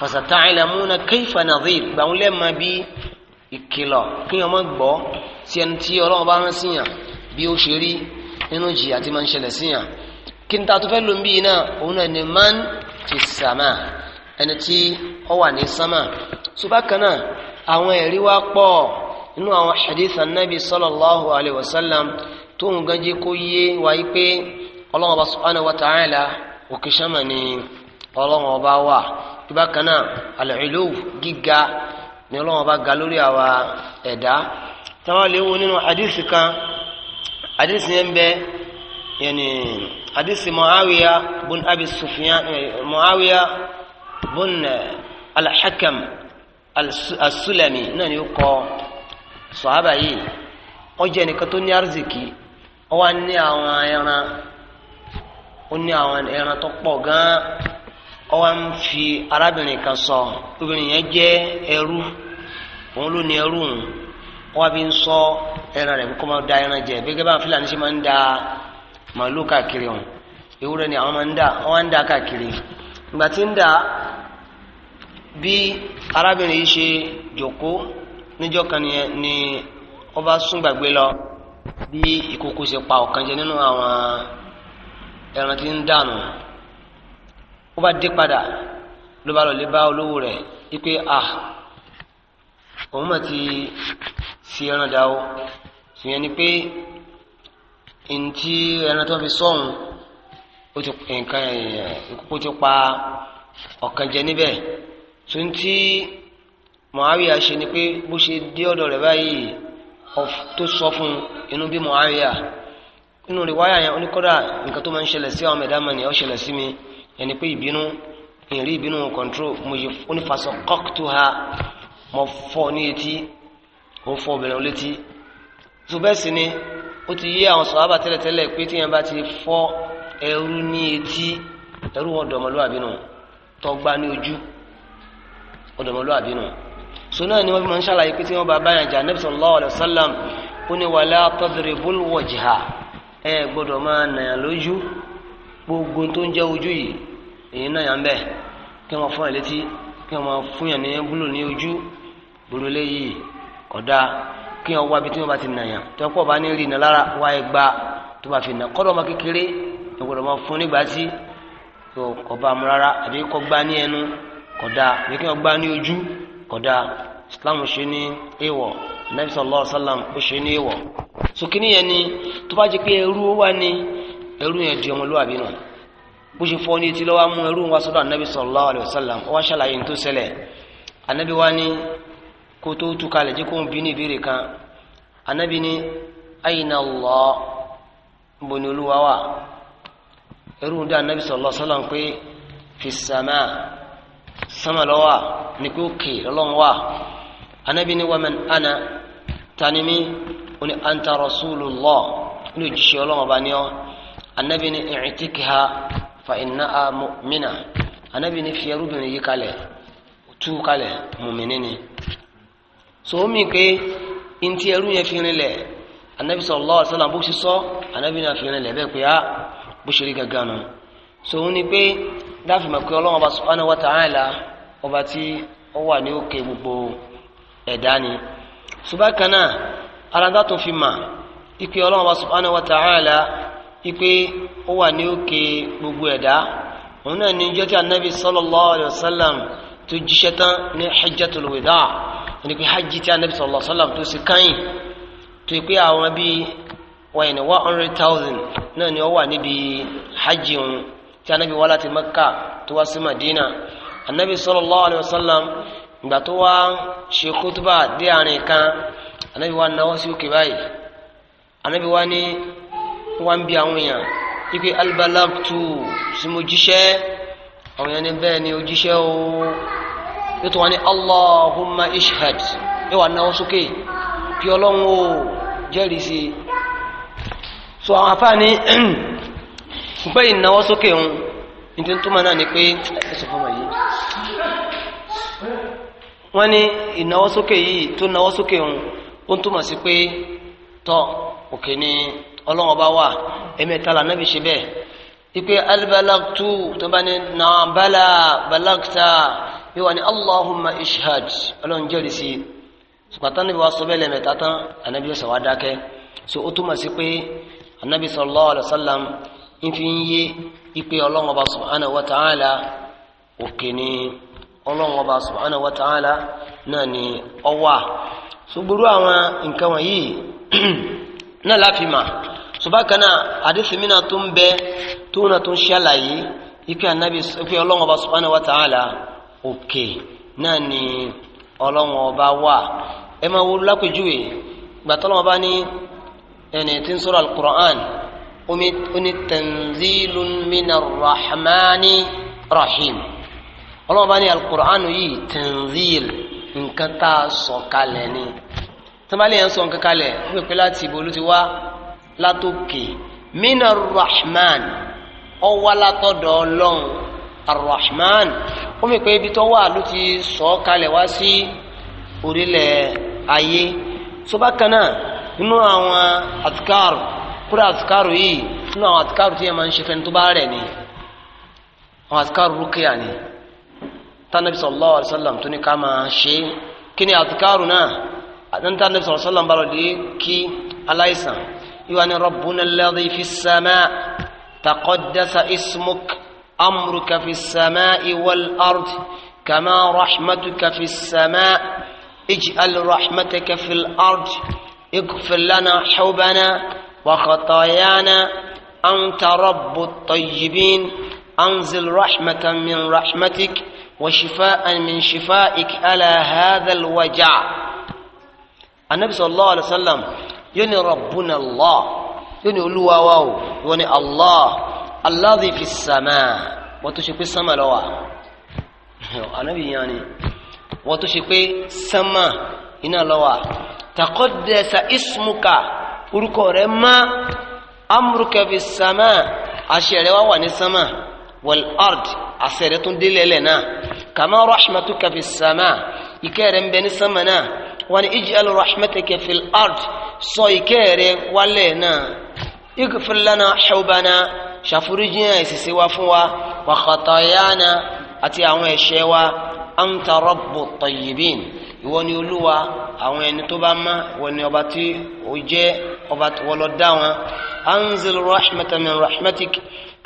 fasata'lamuna kayfa nadhir gbàwọn lẹ́ẹ̀ma bí ìkìlọ̀ kí wọ́n má gbọ́ tí ẹni tí ọlọ́run bá rán síyàn bí ó ṣe rí nínú jìyà tí máa ń ṣẹlẹ̀ síyàn kí n ta tó fẹ́ lò ń bí iná òun náà ni man fi sàmà ẹni tí ó wà ní sánmà tó bá àwọn ẹ̀rí wá pọ̀ nínú àwọn hadith annabi sallallahu alayhi wa sallam tó ń ganjẹ́ kó yé wáyé pé ọlọ́run ọba subhanahu wa ta'ala òkè sánmà ni ọlọ́run ọba wà bákan náà al-ulu gíga ni ọlọ́wọ́n bá ga lórí àwa ẹ̀dá táwọn lè wo nínú hadisi kan hadisi yẹn bẹ yẹni hadisi Muawiya bun Abi Sufyan Muawiya bun al-Hakam as-Sulami náà ni ó kọ sọ̀hábà yìí wọ́n jẹ́ nìkan tó ní arziki wọ́n wá ní àwọn ẹran ó ní àwọn ẹran gan ọwọ́ ń fi arábìnrin kan sọ obìnrin yẹn jẹ́ ẹrú òun ló ní ẹrú òun wọ́n fi ń sọ ẹran rẹ̀ kó máa da ẹran jẹ gbẹgẹ́ bá fúlàní ṣe máa ń da màálù káàkiri ewúrẹ́ ni àwọn máa ń da wọ́n ń da káàkiri ìgbà tí ń da bí arábìnrin yìí ṣe jòkó níjọ́ kan ni wọ́n bá sún gbàgbé lọ bí ìkókó ṣe pa ọ̀kan nínú àwọn ẹran tí ń dànù ó bá dé padà ló bá lọ lè bá olówó rẹ̀ wípé à òun mà ti fi ẹran dà ó sìyẹn ni pé ntí ẹran tó fi sọ̀hún ó ti nǹkan ìkókó ti pa ọ̀kan jẹ níbẹ̀ tó ń tí Muawiya ṣe ni pé bó ṣe dé ọ̀dọ̀ rẹ̀ báyìí tó sọ fún inú bí Muawiya inú rẹ̀ wáyà yẹn oníkọ́dà nǹkan tó máa ń ṣẹlẹ̀ sí àwọn ẹ̀dá mọ̀ ṣẹlẹ̀ sí mi ẹni pé ìbínú ìrí ìbínú kọ̀ǹtró mo yí onífàsọ kọ́kútù ha mo fọ́ ní etí ó fọ́ obìnrin létí tó bẹ́ẹ̀ sì ni ó ti yé àwọn sọ̀hábà tẹ́lẹ̀tẹ́lẹ̀ pé tí yẹn bá ti fọ́ ẹrú ní etí ẹrú wọn dọ̀mọlúwàbí nù tọ́gbá ní ojú ọdọ̀mọlúwàbí nù so náà ni wọ́n fi máa ń ṣàlàyé pé tí wọ́n bá báyàn jà Nabi sallallahu alaihi wasallam ó ní wala tadribul wajha ẹ gbọ́dọ̀ máa nàyàn lójú gbogbo tó ń jẹ́ ojú yìí èyí náà yàn bẹ́ẹ̀ kí wọ́n fún ẹ̀ létí kí wọ́n fún yàn ní búlò ní ojú búlò léyìí kódà kí wọ́n wá bí tí wọ́n bá ti nàyàn tí wọ́n pọ̀ bá ní rí iná lára wá ẹgbà tó bá fi nà kọ́dọ̀ ọmọ kékeré ìgbọ̀dọ̀ ọmọ fún nígbà tí kò bá mu rárá àbí kò gbá ní ẹnu kódà àbí kí wọ́n gbá ní ojú kódà Islam ṣe ní èèwọ̀ Nabi sallallahu alaihi wasallam ó ṣe ní èèwọ̀ ẹrú yẹn di ọmọlúwàbí nù bó ṣe fọ́ ní etí lọ́wọ́ mú ẹrú wa sọ́dọ̀ anabi sallallahu alayhi wa sallam ó wá ṣàlàyé ní tó ṣẹlẹ̀ anabi wa kó bi ní kan anabi ni olúwa ẹrú anabi wa pé fi sàmà sàmà ní pé òkè anabi ní ana tanimi anabi ni i'tikiha fa innaha mu'mina anabi ni fi ẹrúbìnrin yìí kalẹ̀ tú kalẹ̀ mùmíní ni sòómì pé ntí ẹrú yẹn fi rinlẹ̀ anabi sallallahu alaihi wasallam bó ṣe sọ anabi náà fi rinlẹ̀ bẹ́ẹ̀ pé á bó ṣe rí gangan nù sòun ni pé dáàfin mọ̀ pé ọlọ́run ọba subhanahu wa ta'ala ọba tí ó wà ní òkè gbogbo ẹ̀dá ni ṣùgbọ́n kan náà ara dá tó fi mà ìpè ọlọ́run ọba subhanahu wa ta'ala ipe ó wà ní òkè gbogbo ẹ̀dá òun náà ni ìjọ tí anabi sallallahu alayhi wa sallam tó jíṣẹ́ tán ní hajjatul wida ẹni pé hajj tí anabi sallallahu alayhi tó sì káyìn tó ipe àwọn bíi wọ̀nyí one hundred thousand náà ni ó wà níbi hajj òun tí anabi wá láti Mẹ́kà tó wá sí Madina anabi sallallahu alayhi ìgbà tó wá ṣe kútúbà dé àárín kan anabi wá náwó sí òkè báyìí anabi wá ní. wá ń bi àwọn èèyàn ipe albalagtu sí mo jíṣẹ́ àwọn èèyàn ní bẹ́ẹ̀ ni o jíṣẹ́ o yóò tó ní allahumma yóò náwó sókè kí ọlọ́run jẹ́rìí sí so àwọn pé ìnáwó sókè ń ni pé fún wọ́n ní ìnáwó sókè yìí tó náwó sókè ń ó túmọ̀ sí pé tọ́ ọlọ́run ọba wà ẹ̀mẹ́ta là nàbì ṣe bẹ́ẹ̀ ipe alibalaktu tó bá ní nàbàlà balakta yóò wà ní allahumma ishhad ọlọ́run jẹ́rìí sí i sùpàtà níbi wa sọ bẹ́ẹ̀ lẹ́mẹ̀ta tán ànábi yóò sọ̀wá dákẹ́ so ó túmọ̀ sí pé ànábi sallallahu alaihi wasallam ń fi ń yé ipe ọlọ́run ọba subhanahu wa òkè ni ọlọ́run ọba subhanahu wa náà ni ọwà so gbúrú àwọn nǹkan wọ̀nyí náà láfi mà subakana adéfemina tó ń bẹ tóun náà tó ń ṣàlàyé ipe anabi ipe ọlọ́run ọba subhanahu wa ta'ala òkè náà ni ọlọ́run ọba wà ẹ máa wo lápèjúwe gbàtọ́lọ́run ọba ní ẹni tí ń sọ̀rọ̀ alukur'an oní tanzilun minar rahmani rahim ọlọ́run ọba ní alukur'an yìí tanzil nǹkan tá a sọ̀ kalẹ̀ ni tọ́mọ́lẹ́ yẹn sọ nǹkan kalẹ̀ wọ́n pè láti ibo ló ti wá látòkè mina rahman ọwọ́ látọ̀dọ̀ ọlọ́run arrahman wọ́n pè pé ibi tó wà ló ti sọ kalẹ̀ wá sí orílẹ̀ ayé tó bá kan náà nínú àwọn àtikárù kúrò àtikárù yìí nínú àwọn àtikárù tí yẹn máa ń ṣe fẹ́ni tó bá rẹ̀ ni àwọn àtikárù rúkìá ni tánàbí sallallahu alaihi tó ní ká máa ṣe kí ni àtikárù náà ننتظر النبي صلى الله عليه وسلم قال لي كي أليس يعني ربنا الذي في السماء تقدس اسمك أمرك في السماء والأرض كما رحمتك في السماء اجعل رحمتك في الأرض اغفر لنا حبنا وخطايانا أنت رب الطيبين أنزل رحمة من رحمتك وشفاء من شفائك على هذا الوجع anabi sallallahu alayhi wa sallam yóò ní rabbuna allah yóò ní olúwa wa o yóò ní allah alladhi fi sàmà wọ́n tó ṣe pé sánmà ló wà anabi yẹn ni wọ́n tó ṣe pé sánmà iná ló wà taqaddasa ismuka orúkọ rẹ̀ má amruka fi sàmà àṣẹ wà wà ní sánmà wal ard àṣẹ tó délẹ̀ lẹ̀ náà kama rahmatuka fi sàmà ìkẹ́ rẹ̀ ń bẹ ní sánmà náà wọ́n ní ij'al rahmataka fil ard sọ ìkẹ́ rẹ̀ wálẹ̀ náà ighfir lana hubana ṣàforíjì náà ìṣẹ̀ṣẹ̀ wa fún wa wa khatayana àti àwọn ẹ̀ṣẹ̀ wa anta rabbu tayyibin ìwọ ni olúwa àwọn ẹni tó bá má wọ́n ni ọba tí ó jẹ́ ọba tó anzil rahmatan min rahmatik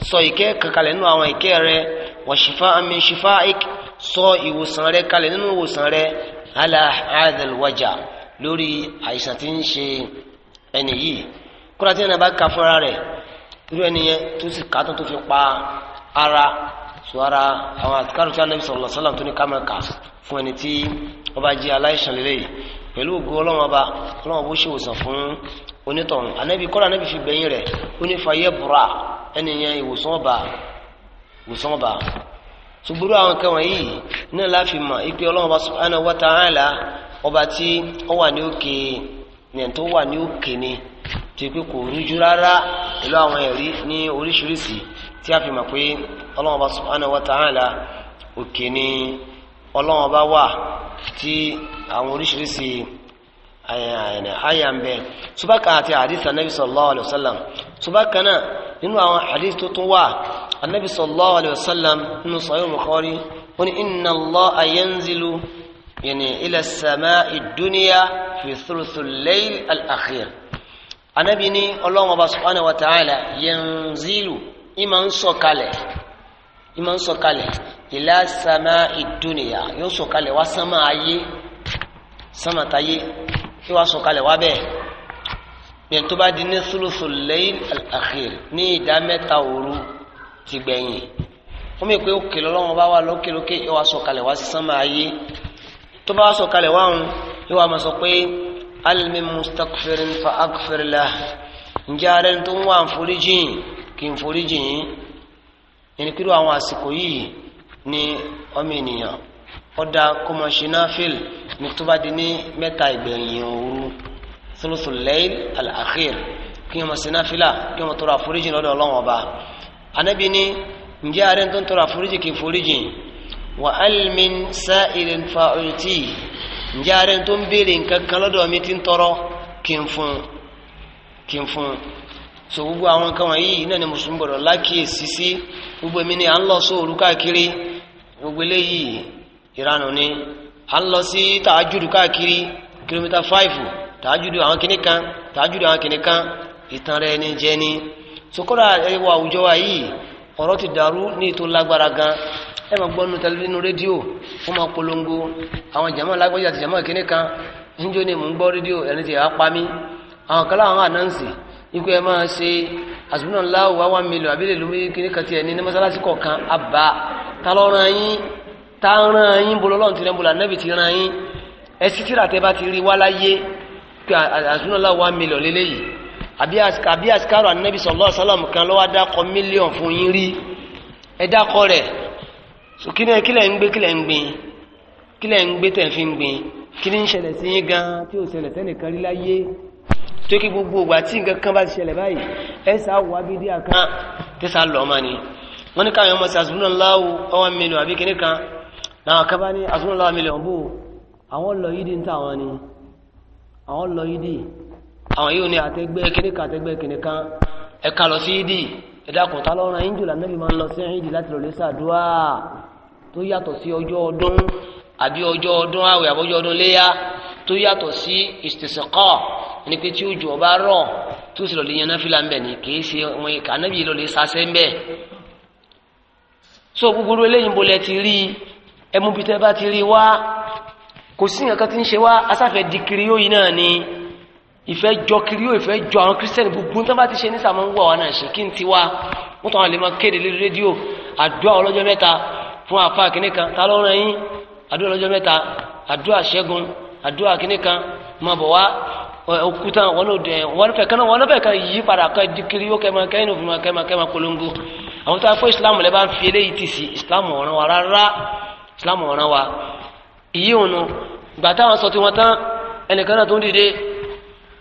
sọ ìkẹ́ kankalẹ̀ nínú àwọn ìkẹ́ rẹ̀ wa shifa'an min shifa'ik sọ ìwòsàn rẹ̀ kalẹ̀ nínú ìwòsàn rẹ̀ ala hadhal waja lórí àìsàn tí ń ṣe ẹni yìí kúrò tí ẹni bá ka fúnra rẹ̀ irú ẹni yẹn tó sì ká tó tó fi pa ara sọ ara àwọn àtikárù tí anabi sallallahu alaihi wasallam tó ní kámẹ́kà fún ẹni tí wọ́n bá jẹ́ aláìsàn lélẹ̀ pẹ̀lú ògo ọlọ́wọ́n ọba ọlọ́wọ́n bó ṣe òsàn fún onítọ̀hún anabi kọ́ra anabi fi gbẹ̀yìn rẹ̀ ó ní fayé bura ẹni yẹn ìwòsàn ọba ìwòsàn ọba Suburu àwọn kan wọ̀nyí náà láfi mọ̀ ipe ọlọ́run bá subhanahu wa ta'ala ọba tí ó wà ní òkè ní ẹ̀ńtọ́ wà ní òkè ni tí pé kò rújú rárá pẹ̀lú àwọn ẹ̀rí ní oríṣiríṣi tí a fi mọ̀ pé ọlọ́run bá subhanahu wa ta'ala òkè ni ọlọ́run bá wà tí àwọn oríṣiríṣi àyà subaka àti hadith anabi wa sallam subaka náà nínú àwọn hadith tó tún wà النبي صلى الله عليه وسلم من صحيح البخاري إن الله ينزل يعني إلى السماء الدنيا في ثلث الليل الأخير anabi ni ọlọ́run ọba subhanahu wa ta'ala yanzilu ima ń sọ̀kalẹ̀ ima ń sọ̀kalẹ̀ ila sama ìdúnìyà yóò sọ̀kalẹ̀ wá sánmà ayé sánmà tayé yóò wá sọ̀kalẹ̀ wá bẹ́ẹ̀ yẹn tó bá di ní sulusul layl al-akhir ní ìdá mẹ́ta òru ti gbẹ̀yìn wọ́n mi pé òkè lọ́wọ́ bá wà lókè lókè yóò wá sọ̀kalẹ̀ wá sí sánmà ayé tó bá wá sọ̀kalẹ̀ wá ń yóò wá máa sọ pé alimi mustakfirin fa akfirila ǹjẹ́ ara tó ń wà ń foríjìn kì ń foríjìn ẹni pírò àwọn àsìkò yìí ni ọmọ ènìyàn ọ̀dà kọmọṣínáfíl ní tó bá di ní mẹ́ta ìgbẹ̀yìn òru sọlọ́sọlẹ́yìn alakhir kí wọ́n mọ̀ sínáfílà kí wọ́n tọrọ àforíjìn lọ́dọ̀ ọlọ́wọ́n ọba. anabi ni ǹjẹ́ ààrẹ tó ń tọrọ àforíjì kì foríjì wà almin sa'ilin fa'uti ǹjẹ́ ààrẹ tó ń béèrè nǹkan kan lọ́dọ̀ mi ti ń tọrọ kí n fún so gbogbo àwọn nǹkan wọ̀nyí ni mùsùlùmí gbọ́dọ̀ lákìyèsí sí gbogbo mi ni à ń lọ sóòrù káàkiri gbogbo eléyìí ìranù ni à ń lọ sí tàájúdù káàkiri kìlómítà fáìfù tàájúdù àwọn kìnìkan tàájúdù àwọn kìnìkan ìtàn rẹ ni sokora ẹwà àwùjọ wa yìí ọ̀rọ̀ ti dàrú ní ètò lágbára gan ẹ máa gbọ́ nínú tẹlifíṣàn rédíò wọ́n máa polongo àwọn jàmọ́ lágbájá àti jàmọ́ ìkíní kan níjó ni mò ń gbọ́ rédíò ẹni tí a pa mí àwọn kan láwọn ànáǹsì ikú ẹ máa ṣe àsùnmùnà ńlá wà wà mílíọ̀nù àbílẹ̀ lómi kíní kan tiẹ̀ ní ní mọ́sálásí kọ̀ọ̀kan àbá ta ló rán yín ta rán yín bolo lọ́n ti rán bolo ànábì ti rán yín ẹ sì tíra tẹ bá ti rí wá láyé pé àsùnmùnà ńlá wà mílíọ̀nù lélẹ́yìí àbí àsìkárò ànábì sallallahu alaihi wasallam kan lọ́wọ́ dákọ̀ mílíọ̀n fún yín rí ẹ dákọ̀ rẹ̀ so kí lẹ̀ ń gbé kí lẹ̀ ń gbin kí lẹ̀ ń gbé tẹ̀ fi ń gbin kí ní ń ṣẹlẹ̀ sí yín gan tí ò ṣẹlẹ̀ tẹ́nìkan rí láyé tó kí gbogbo ògbà tí nǹkan kan bá ti ṣẹlẹ̀ báyìí ẹ sá wà bí díà kan ah, tẹ́sà lọ́ ọmọ ni wọ́n ní káwọn ọmọ sí asúnúláwò ọwọ́ mílíọ̀n àwọn yóò ní àtẹgbẹ́ kìnìkan àtẹgbẹ́ kìnìkan ẹ̀ka lọ sí ìdí ẹ̀dàkùn tá lọ́rùn ẹ̀yìn jùlọ anábì máa ń lọ sí ẹ̀yìn ìdí láti lọ lé sàdúrà tó yàtọ̀ sí ọjọ́ ọdún àbí ọjọ́ ọdún àwẹ̀ àbọ́jọ́ ọdún léyà tó yàtọ̀ sí ìsìsìkọ ní pé tí òjò ọba rọ̀ tó sì lọ lè náfìlà ń bẹ ní kìí ṣe so gbogbo eléyìí bolẹ ti rí ẹmúbitẹ bá ti rí wá kò sí nǹkan ìfẹ́ jọ kiri yóò ìfẹ́ jọ àwọn kírísítẹ́nì gbogbo tó bá ti ṣe ní sàmọ́ ń wọ̀ wọn náà ṣe kí n ti wá wọ́n tó àwọn lè máa kéde lórí rédíò àdúrà ọlọ́jọ́ mẹ́ta fún àfa kìnnì kan ta ló ràn yín àdúrà ọlọ́jọ́ mẹ́ta àdúrà ṣẹ́gun àdúrà kìnnì kan máa bọ̀ wá òkúta wọn ò dẹ̀ wọn fẹ́ kánná wọn fẹ́ kan yí padà ká kiri yóò kẹ́mọ kẹ́yìn òfin kẹ́mọ kẹ́mọ polongo àwọn tó bá ń fi eléyìí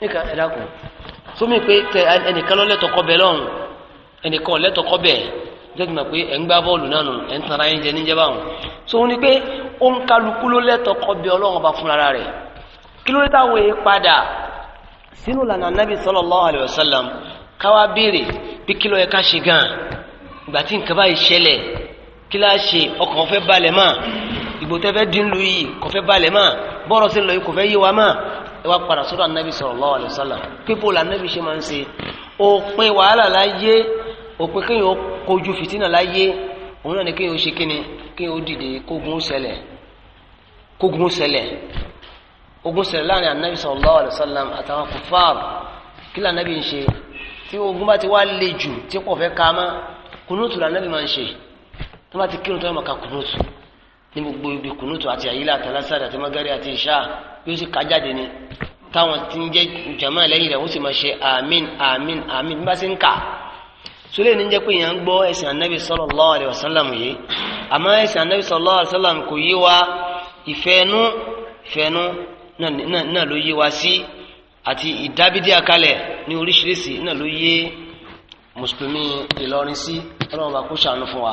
Nika ẹ dákun sómi pé kẹ ẹnìkan lọ́lẹ́tọ̀ kọ́ bẹ́ẹ̀ lọ́hùn ẹnìkan ọ̀lẹ́tọ̀ kọ́ bẹ́ẹ̀ jẹ́ kí n mọ̀ pé ẹ̀ ń gbá bọ́ọ̀lù náà nù ẹ̀ ń tanra ẹ̀ ń jẹ níjẹ́ báwọn so ni pé ó ń kálukú ló lẹ́tọ̀ kọ́ ọba fúnra rẹ̀ kí ló dé padà sínú lànà anábì sallallahu alaihi wasallam káwá béèrè bí kí ló yẹ ká ṣe gan-an ìgbà tí nǹkan báyìí ṣe ọkàn fẹ́ balẹ̀ mọ́ ìgbò tẹ́fẹ́ dín lu yìí kò fẹ́ balẹ̀ mọ́ bọ́rọ̀ sí lọ yìí kò fẹ́ yé wa mọ́ ẹ wá padà sọ́dọ̀ anabi sallallahu alaihi wasallam pípò lànàbì ṣe máa ń ṣe òpin wàhálà láyé òpin kéèyàn kojú fìtínà láyé òun náà ni kéèyàn ṣe kíni kéèyàn ó dìde kógun ó ṣẹlẹ̀ kógun ó ṣẹlẹ̀ ogun ṣẹlẹ̀ láàrin anabi sallallahu alaihi wasallam àtàwọn kùfàr kí lànàbì ń ṣe tí ogun bá ti wá le jù tí kò fẹ́ ká mọ́ kùnúùtù ní gbogbo ibi kùnútù àti àyílẹ̀ àtàlásàdì àti magari àti ìṣá yóò sì ká jáde ni táwọn tí ń jẹ́ jama lẹ́yìn rẹ̀ wọ́n sì máa ṣe àmín àmín àmín bí wọ́n sì ń kà sólè ní jẹ́ pé èèyàn ń gbọ́ ẹ̀sìn anábì sallallahu alaihi wasallam yìí àmọ́ ẹ̀sìn anábì sallallahu alaihi wasallam kò yí wa ìfẹ́nu ìfẹ́nu náà ló yí wa sí àti ìdábídí àkálẹ̀ ní oríṣiríṣi náà ló yé mùsùlùmí Ìlọrin sí ọlọ́run bá kó ṣàánú fún wa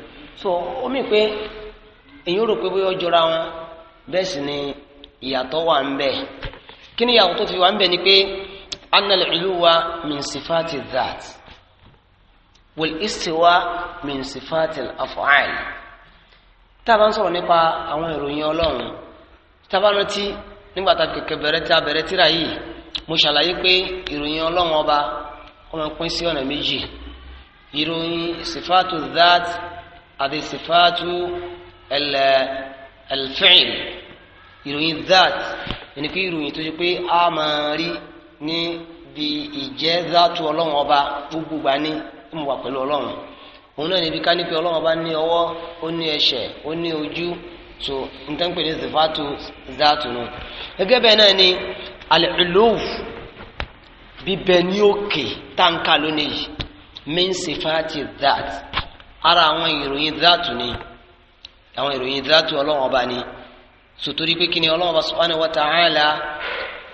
so ó mì pé èyí rò pé bóyá ó jọra wọn bẹ́ẹ̀ sì ni ìyàtọ̀ wà ń bẹ kí ni ìyàtọ̀ tó fi wà ń bẹ ni pé annal ìlúwa min sifati that wal istiwa min sifati tá a bá ń sọ̀rọ̀ nípa àwọn ìròyìn ọlọ́run tá a bá rántí nígbà tá a kẹ̀kẹ́ bẹ̀rẹ̀ tí a bẹ̀rẹ̀ tíra yìí mo ṣàlàyé pé ìròyìn ọlọ́run ọba ọmọ pín sí ọ̀nà méjì ìròyìn sifatu that هذه sifatu al-fi'l ìròyìn that ẹni pé ìròyìn tó ني pé a máa rí ní bí ìjẹ́ zátú ọlọ́run ọba gbogbo gbà ní mú wà pẹ̀lú ọlọ́run òun náà níbi ká ní pé ọlọ́run ọba ní ọwọ́ ó ní ẹsẹ̀ ó ní ojú so n tẹ́ ń pè ní sifatu zátú nù gẹ́gẹ́ bẹ́ẹ̀ náà ni al-uluf bíbẹ ní òkè táǹkà lónìí min sifati zátú ara àwọn ìròyìn dátù ni àwọn ìròyìn dátù ọlọ́wọ́n ọba ni sotori pé kíni ọlọ́wọ́n ọba subhanahu wa ta'ala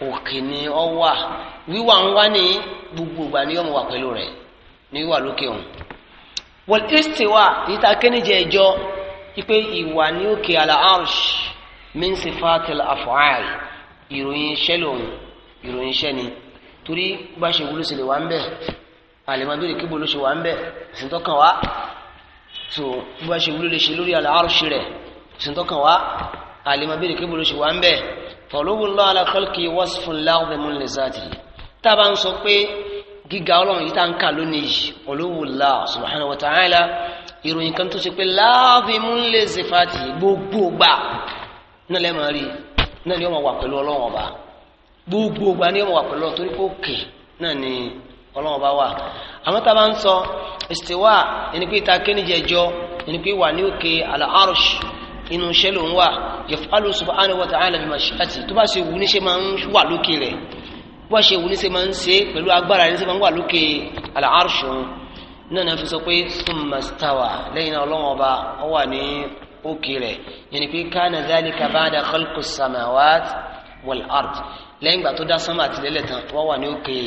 òkè ni ọ wà wíwà ń wá ní gbogbo ìgbà ni yọmọ wà pẹ̀lú rẹ̀ ní wíwà lókè òun. wọ́n ìsì wà níta kéníjẹ ẹjọ́ pé ìwà ní òkè àlà arsh min sifatil af'al ìròyìn iṣẹ́ lòun ìròyìn iṣẹ́ ni torí bá ṣe wúlò sílẹ̀ wà ń bẹ̀ àlẹ́ so bí wàá ṣe wúlò lè ṣe lórí àlàárùsì rẹ̀ ṣèǹtọ́kàn wá àlèmọ́ bèrè kí bolo ṣe wá ń bẹ̀ fọlọ́wọ́lọ́ alákọ́lùkì wọ́sùfún láwùmọ́ lè záàtì tá a bá ń sọ pé gíga ọlọ́run yìí tá ń kà lónìí yìí olówùlá subhanahu wa ta'ala ìròyìn kan tó ṣe pé láàbìmú lè zèfàtì gbogbo gbà náà lẹ́mọ̀ rí náà ni ó wà pẹ̀lú ọlọ́run ọba gbogbo gbà ni ó wà pẹ̀lú ọlọ́run torí náà ni ọlọ́run bá wà àmọ́ tá a bá ń sọ istiwa ẹni pé ta kéníjẹjọ ẹni pé wà ní òkè al-arsh inú iṣẹ́ ló ń wà yaf'alu subhanahu wa ta'ala bi mashi'ati tó bá ṣe wù níṣẹ́ máa ń wà lókè rẹ̀ bó bá ṣe wù níṣẹ́ máa ń ṣe pẹ̀lú agbára rẹ̀ níṣẹ́ máa ń wà lókè al-arsh náà náà fi sọ pé thumma lẹ́yìn náà ọlọ́run wà ní òkè rẹ̀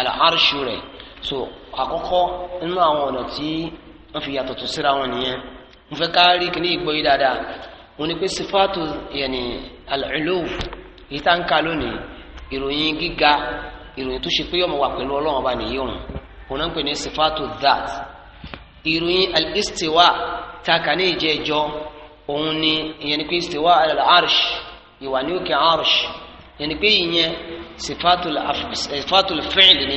alárṣù rẹ̀ so àkọ́kọ́ nínú àwọn ọ̀nà tí wọ́n fi yàtọ̀ tó síra wọn nìyẹn mo fẹ́ ká rí kíní ìgbọ́ yìí dáadáa mo ní pé sífàtò yẹnì alùlùf yìí tá ń ka lónìí ìròyìn gíga ìròyìn tó ṣe pé yọmọ wà pẹ̀lú ọlọ́run ọba nìyí òun òun náà ń pè ní sífàtò that ìròyìn alistiwa taka ní ìjẹ́jọ́ òun ni ìyẹn ni pé istiwa ìwà ní òkè arṣù yẹnni pé ìyẹn eh, sifatul fi'l ni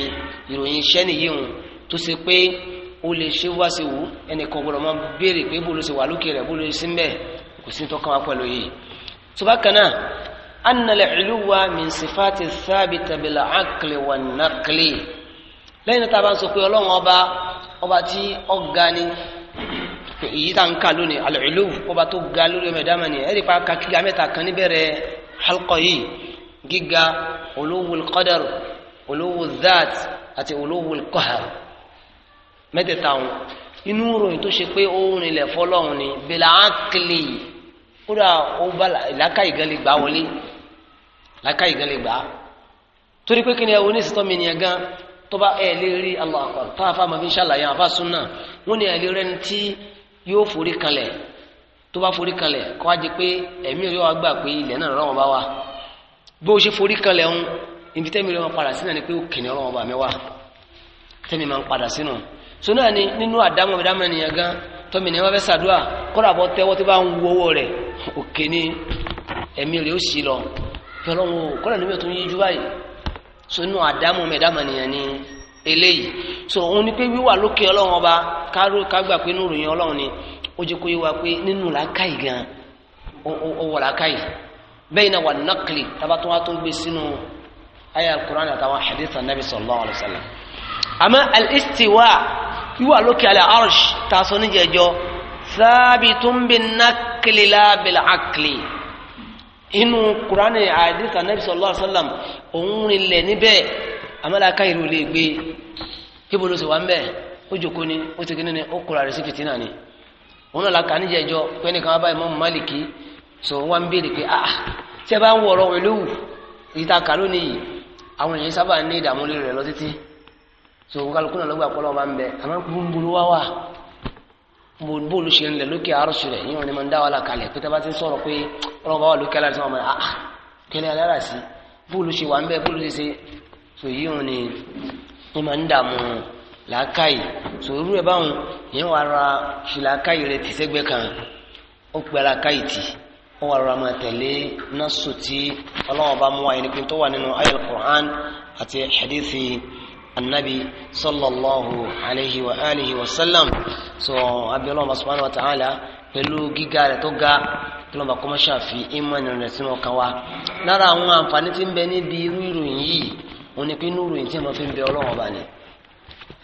ìròyìn iṣẹ́ nìyí wọn tó ṣe pé ó lè ṣe wá sí wù ẹnìkan gbọdọ̀ máa béèrè pé bó ló ṣe wà lókè rẹ̀ bó ló ṣe sí mbẹ́ kò sí tó kàn wá pẹ̀lú yìí. tó bá kan náà wa min sifati thabita bil aqli wan naqli lẹ́yìn náà tá a bá ń sọ pé ọlọ́run ọba ọba tí ó ni èyí tá n kà lónìí alẹ́ ìlú ọba tó ga lórí ọmọ ìdámẹ́ni ẹ̀rí pa kakíga mẹ́ta kan níbẹ̀rẹ̀ halqa yìí gíga olówul qadar olówul zaat àti olówul qahar mẹ́tẹ̀ẹ̀ta wọn inú ròyìn tó ṣe pé ó rìnlẹ̀ fọlọ́run ni bẹ̀là ákìlì kódà ó bá làákà ìgànlẹ̀ gbà wọlé làákà ìgànlẹ̀ gbà torí pé kí ni ẹ wo ní ìsìtọ́mi nìyẹn gan tọba ẹ lè rí Allahu Akbar tó afa ma ṣàlàyé afa súnà wọn ni ẹ lè rẹni tí yóò forí kalẹ̀ tó bá forí kalẹ̀ kó wá di pé ẹ̀mí rẹ̀ wá gbà pé ilẹ̀ náà lọ́wọ́ bá wà bí o ṣe forí kalẹ̀ ń ibi tẹ́mi lọ́wọ́ padà sínú ni pé ó kìnìún ọlọ́wọ́ bá mi wá tẹ́mi máa ń padà sínú so náà ni nínú àdámọ̀ ìdámọ̀ ènìyàn gan tọ́mi ni wọ́n fẹ́ sàdúrà kọ́dà bọ́ tẹ́wọ́ tó bá ń wo owó rẹ̀ òkè ni ẹ̀mí rẹ̀ ó sì lọ fẹ́lọ́wọ́ kọ́dà níbi tó ń yíjú báyìí so nínú àdámọ̀ ìdámọ̀ ènìyàn ni eléyìí so òun ni pé wíwà lókè ọlọ́wọ́n ọba kágbà pé nínú ìròyìn ọlọ́run ni ó jẹ́ kó yé wa pé nínú làákàyè gan ó làákàyè bẹ́yìnà wà nàkìlì tàbá tó wá tó gbé sínú ayé alukur'an àtàwọn hadith anabi sallallahu alayhi wa sallam àmọ́ alistiwa wíwà lókè alẹ́ arsh tá a sọ ní jẹjọ thabitun bin nàkìlì la bil aqli inú kur'an hadith anabi sallallahu alayhi wa sallam òun rinlẹ̀ níbẹ̀ amálàáká ìlú lè gbé kíbo ló sì wá ń bẹ̀ ó jòkó ni ó ti gíní ni ó kura rẹ̀ sí ni òun náà la kà ní jẹjọ pé nìkan bá Imam Maliki so wọn ń béèrè pé ah tí ẹ bá ń wọ̀rọ̀ wọn lówù ìta kà lónìí yìí àwọn èèyàn sábà ní ìdààmú lórí rẹ̀ lọ títí so kálukú náà lọ́gbà pọ́lọ́ máa ń bẹ àmọ́ kú ń bolú wá wà bóòlù ṣe ń lẹ̀ lókè àárọ̀ṣù rẹ̀ yíyan ni mo ń dá wàhálà kalẹ̀ pé tábà ti ń sọ̀rọ̀ pé ọlọ́run wà lókè aláàrẹ̀ sọ́wọ́n ah, ah kẹlẹ́ alára sí bóòlù ṣe wà ń bẹ bóòlù ṣe ṣe so yíyan ni mo máa ń dààmú làákàyè so irú ẹ báwọn èèyàn wà ra ṣe làákàyè rẹ tìṣẹ́gbẹ́ kan ó pẹ́ làákàyè tì wọn wà rọra máa tẹ̀lé násù tí ọlọ́wọ́n bá mú wa ẹni pé tó wà nínú ayé al-Qur'an àti hadithi annabi sallallahu alayhi wa alihi wa sallam so abi ọlọ́wọ́n subhanahu wa ta'ala pẹ̀lú gíga rẹ̀ tó ga ọlọ́wọ́n bá kọ́ ìmọ̀ ìrìn rẹ̀ sínú ọkàn wa lára àwọn àǹfààní tí ń bẹ níbi irú ìròyìn yìí òun ni pé inú ìròyìn tí a fi ń bẹ ọlọ́wọ́n bá ní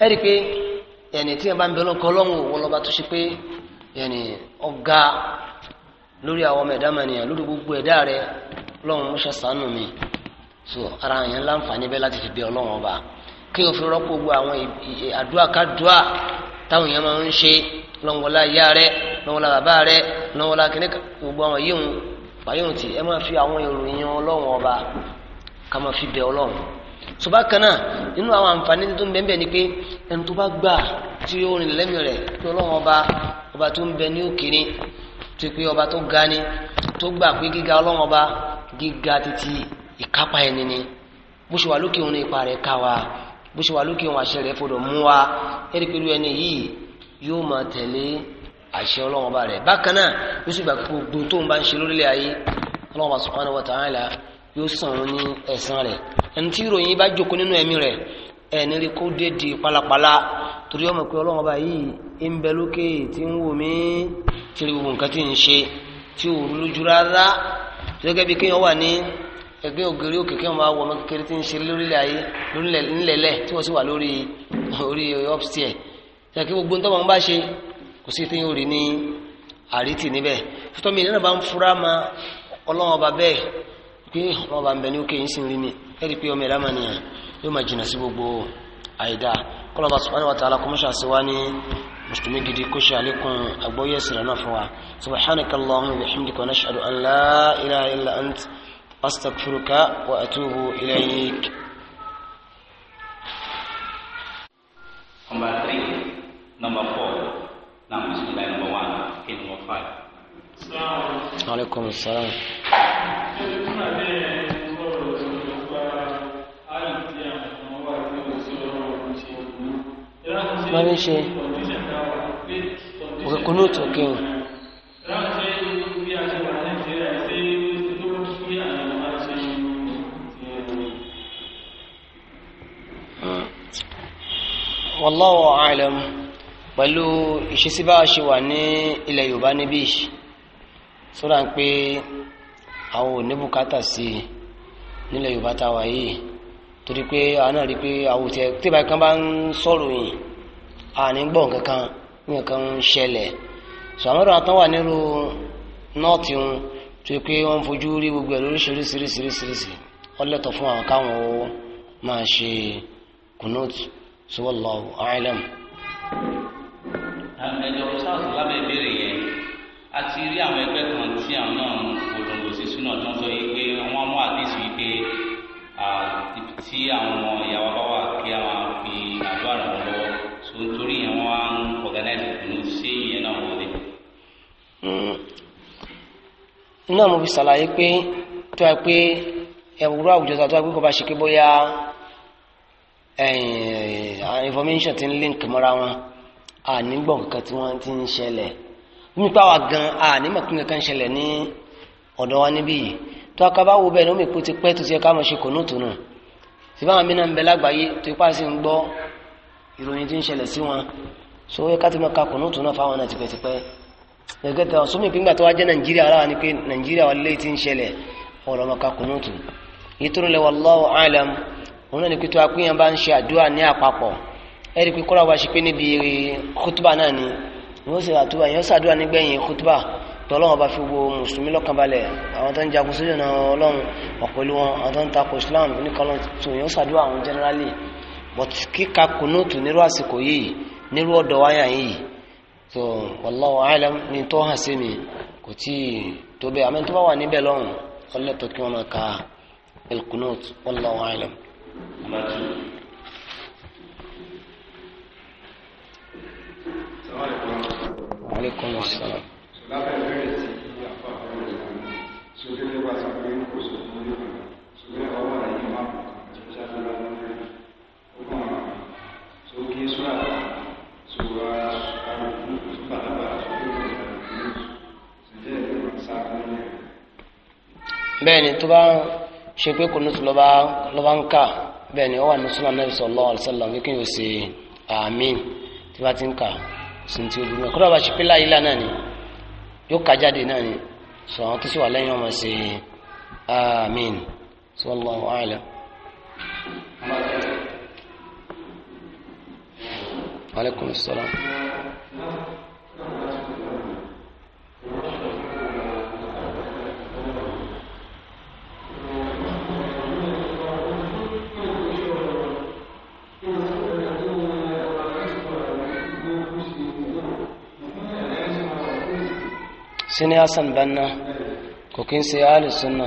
ẹ rí i pé ẹni tí a bá ń bẹ ọlọ́kọ ọlọ́wọ́n òun lọ́ba tó ṣe pé ẹni ọ̀gá lórí àwọn ọmọ ẹ̀dá mànìyàn lórí gbogbo ẹ̀dá rẹ ọlọ́run mọ́ṣẹ́ sànù mi so ara yẹn láǹfààní bẹ́ẹ̀ láti fi bẹ ọlọ́run ọba kí o fi rọ́pò gbogbo àwọn àdúrà kádùá táwọn èèyàn máa ń ṣe lọ́wọ́lá ìyá rẹ lọ́wọ́lá bàbá rẹ lọ́wọ́lá kìnnìkan gbogbo àwọn yìí ń fàyẹ̀wò tí ẹ máa fi àwọn ìròyìn ọlọ́run ọba ká máa fi bẹ ọlọ́run tó bá kan àwọn àǹfààní tó ń bẹ ń ni pé ẹni tó bá gbà tí ó rìn lẹ́mìí rẹ̀ pé ọlọ́run ọba ọba tó ń bẹ ní òkèrè tó pé ọba tó ga ni tó gbà pé gíga ọlọ́run ọba gíga títí ìkápá ẹni ni bó ṣe wà lókè òun ní ipa rẹ̀ ká wa bó ṣe wà lókè òun àṣẹ rẹ̀ fọdọ̀ mú wa ẹni pẹ̀lú ẹni yìí yóò máa tẹ̀lé àṣẹ ọlọ́run ọba rẹ̀ bákan náà yóò sì gbà pé gbogbo tó ń bá ń ṣe lórílẹ̀ ayé ọlọ́run ọba subhanahu wa ta'ala yóò sàn ní ẹ̀san rẹ̀ ẹni tí ìròyìn bá jókòó nínú ẹ̀mí rẹ̀ ẹni rí kó dédì pálapàla torí ọmọ pé ọlọ́run ọba yìí ń bẹ lókè tí ń wò mí tí rí gbogbo nǹkan tí ń ṣe tí ò lójú rárá gẹ́gẹ́ bí kéèyàn wà ní ẹgbẹ́ ògiri òkè kéèyàn máa wọ ọmọ kékeré tí ń ṣe lórílẹ̀ ayé lórílẹ̀ ńlẹ̀lẹ̀ tí wọ́n sì wà lórí orí upstairs ṣe kí gbogbo ntọ́mọ̀ ń bá ṣe kò sí tí yóò rí ní àrítì níbẹ̀ fútọ́mi ìlànà bá ń fura ma ọlọ́run ọba bẹ́ẹ̀ pé ọlọ́run ọba ń bẹ ní òkè yìí sì ń rí mi ẹ̀rí pé ọmọ ẹ̀dá máa nìyàn yóò máa jìnà sí gbogbo àìdá kọlọba subhanahu wa ta'ala kọmọṣà sí wá ní mùsùlùmí gidi kó ṣe àlékún àgbọ́yé ìsìnrẹ̀ náà fún wa subhanaka allahumma wa bihamdika wa nashhadu an la ilaha illa ant astaghfiruka wa atubu ilayk number three number four number one okay number salaam. wọ́n fi ń ṣe òkè kùnúùtù òkè hàn. wallahu alam pẹ̀lú ìṣesí bá a ṣe wà ní ilẹ̀ yorùbá níbí sọ́dà ń pé àwọn ò ní bùkátà sí i nílẹ̀ yorùbá táwa yìí torí pé àwọn náà rí i pé àwọn ò tí ìbáyìí kan bá ń sọ̀rọ̀ yìí àní gbọ́ nǹkan kan nǹkan ń ṣẹlẹ̀ sọ̀rọ̀ àtọ́ wà nírú nọ́ọ̀tì wọn tó pé wọ́n fojú rí gbogbo ẹ̀ lóríṣiríṣiríṣiríṣi ọlẹ́tọ̀ fún àwọn káwọn ó máa ṣe kùnúùt wallahu a'lam. ẹjọ ìbéèrè yẹn a ti rí àwọn ẹgbẹ́ kan tí àwọn náà polongo sí súnà tó sọ yìí pé wọ́n mú àdéhùn yìí pé tí Hmm. náà mo fi ṣàlàyé pé tó yà pé ẹ̀wùrọ̀ àwùjọ tó yà pé kò bá ṣe pé bóyá eh, information ti ń link mọ́ra wọn ànígbọ̀n kankan tí wọ́n ti ń ṣẹlẹ̀ nípa wa gan ànímọ̀ kí kankan ṣẹlẹ̀ ní ọ̀dọ̀ wa níbí yìí tó aka bá wo bẹ́ẹ̀ ló mọ̀ pé ti pẹ́ tó ti yẹ ká mọ̀ ṣe kònóòtù nù síbáwọn mìíràn ń bẹ lágbàáyé tó ipá sí ń gbọ́ ìròyìn tí ń ṣẹlẹ̀ sí wọn so ó yẹ ká ti mọ̀ ká kònóòtù náà fáwọn náà tipẹ́tipẹ́ ẹgbẹ́ta sómi ìpínlẹ̀ tó wá jẹ́ nàìjíríà aláwọ̀ ní pé nàìjíríà wà lẹ́yìn tí ń ṣẹlẹ̀ ọ̀rọ̀ ọmọ kakunútù ìtúrú lẹ́wọ̀ alam òun náà ni pé tó wá pín yẹn bá ń ṣe àdúrà ní àpapọ̀ ẹ̀rí pé kọ́ra wa ṣe pé níbi kútúbà náà ni wọ́n sì àdúrà yẹn sàdúrà nígbẹ̀yìn kútúbà tọ́lọ́wọ́n bá fi wo mùsùlùmí lọ́kànbalẹ̀ àwọn tó ń jagun sójú náà ọlọ́run ọ̀pẹ̀lú wọn àwọn tó ń takò islam oníkanlọ́ tó yẹn sàdúrà àwọn generally but kíka kùnúùtù nírú àsìkò yìí nírú ọ̀dọ̀ wáyà yìí so wallahu alam ní tó hàn sí mi kò tí ì tó bẹ́ẹ̀ àmì tó bá wà níbẹ̀ lọ́hùn ọlẹ́tọ̀ kí wọ́n máa ka al-qunut wallahu alam. Alaikum bẹ́ẹ̀ ni tó bá ṣe pé kò nùtù lọ́ba lọ́ba ń kà bẹ́ẹ̀ ni ó wà ní súnà nàbì sallallahu alaihi wasallam ní kí n yóò ṣe àmín tí bá ti ń kà sùn tí olùmọ̀ kó dàbà ṣe pé láyé ilá náà ni yóò kà jáde náà ni sọ àwọn tó sì wà lẹ́yìn ọmọ ṣe àmín sallallahu alaihi. alaikum salaam. sí ní Banna kò kí ń ṣe alùsùnà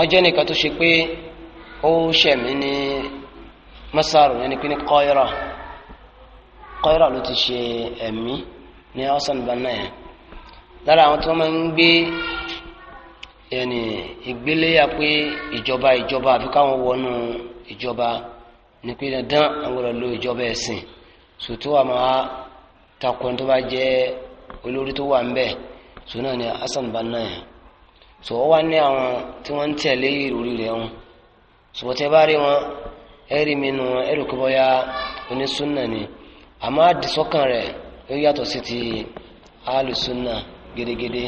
ọjọ́ nìkan tó ṣe pé ó ṣẹ̀mí ní masaru ẹni pé ní Qaira Qaira ló ti ṣe ẹ̀mí ní Hassan Banna yẹn lára àwọn tí wọ́n máa ń gbé ẹni ìgbéléyà pé ìjọba ìjọba àfi káwọn wọnú ìjọba ní pé dandan àwọn ọ̀rọ̀ lo ìjọba ẹ̀sìn sòtú àmọ́ takò tó bá jẹ́ olórí tó wà ń so náà ni Hasan Banna yẹn so ó wá ní àwọn tí wọ́n ń tẹ̀lé ìròrí so wọ́n tẹ́ bá rí wọn ẹ̀rí mi nu wọn ẹ̀rù kí bọ́yá onísúnà ni àmọ́ àdìsọ́kàn rẹ̀ ó yàtọ̀ sí ti alùsúnà gédégédé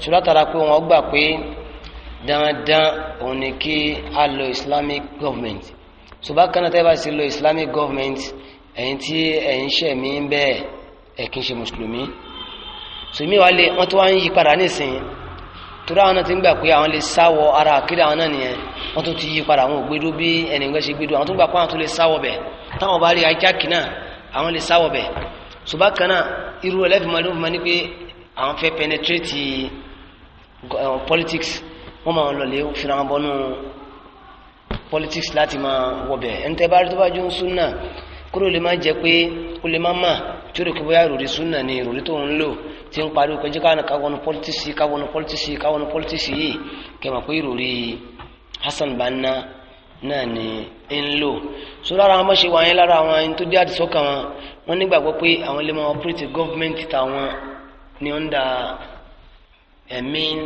so látara pé wọ́n gbà pé dandan òun ni kí a lo Islamic government so bákan náà tẹ́ bá sì lo Islamic government ẹ̀yìn tí ẹ̀yìn ṣẹ̀mí bẹ́ẹ̀ ẹ kì í ṣe mùsùlùmí sùmí wa lè wọ́n tó wá ń yí padà nísìnyí torí àwọn náà ti ń gbà pé àwọn lè sáwọ ara àkídà àwọn náà nìyẹn wọ́n tó ti yí padà àwọn ògbédú bí ẹnì ń gbẹ́sẹ̀ gbédú àwọn tó gbà pé àwọn tó lè sáwọ bẹ̀ táwọn bá rí ajáàkì náà àwọn lè sáwọ bẹ̀ ṣùgbọ́n kan irú ẹlẹ́fìmọ́ penetrate eh, politics wọ́n máa lọ politics láti máa wọbẹ̀ ẹni tẹ́ bá kúrò lè má jẹ pé ó lè má mà tí kí bóyá ìròrí súnà ni ìròrí tó ń lò tí ń parí pé jẹ́ káwọn káwọn pọ́lítíìsì káwọn pọ́lítíìsì káwọn pọ́lítíìsì yìí kẹmọ̀ pé ìròrí Hassan Banna náà ni ń lò so lára àwọn ọmọọṣẹ wa yẹn lára àwọn ẹni tó dé àdìsọ́kàn wọn wọn nígbàgbọ́ pé àwọn lè máa operate government tàwọn ní under a main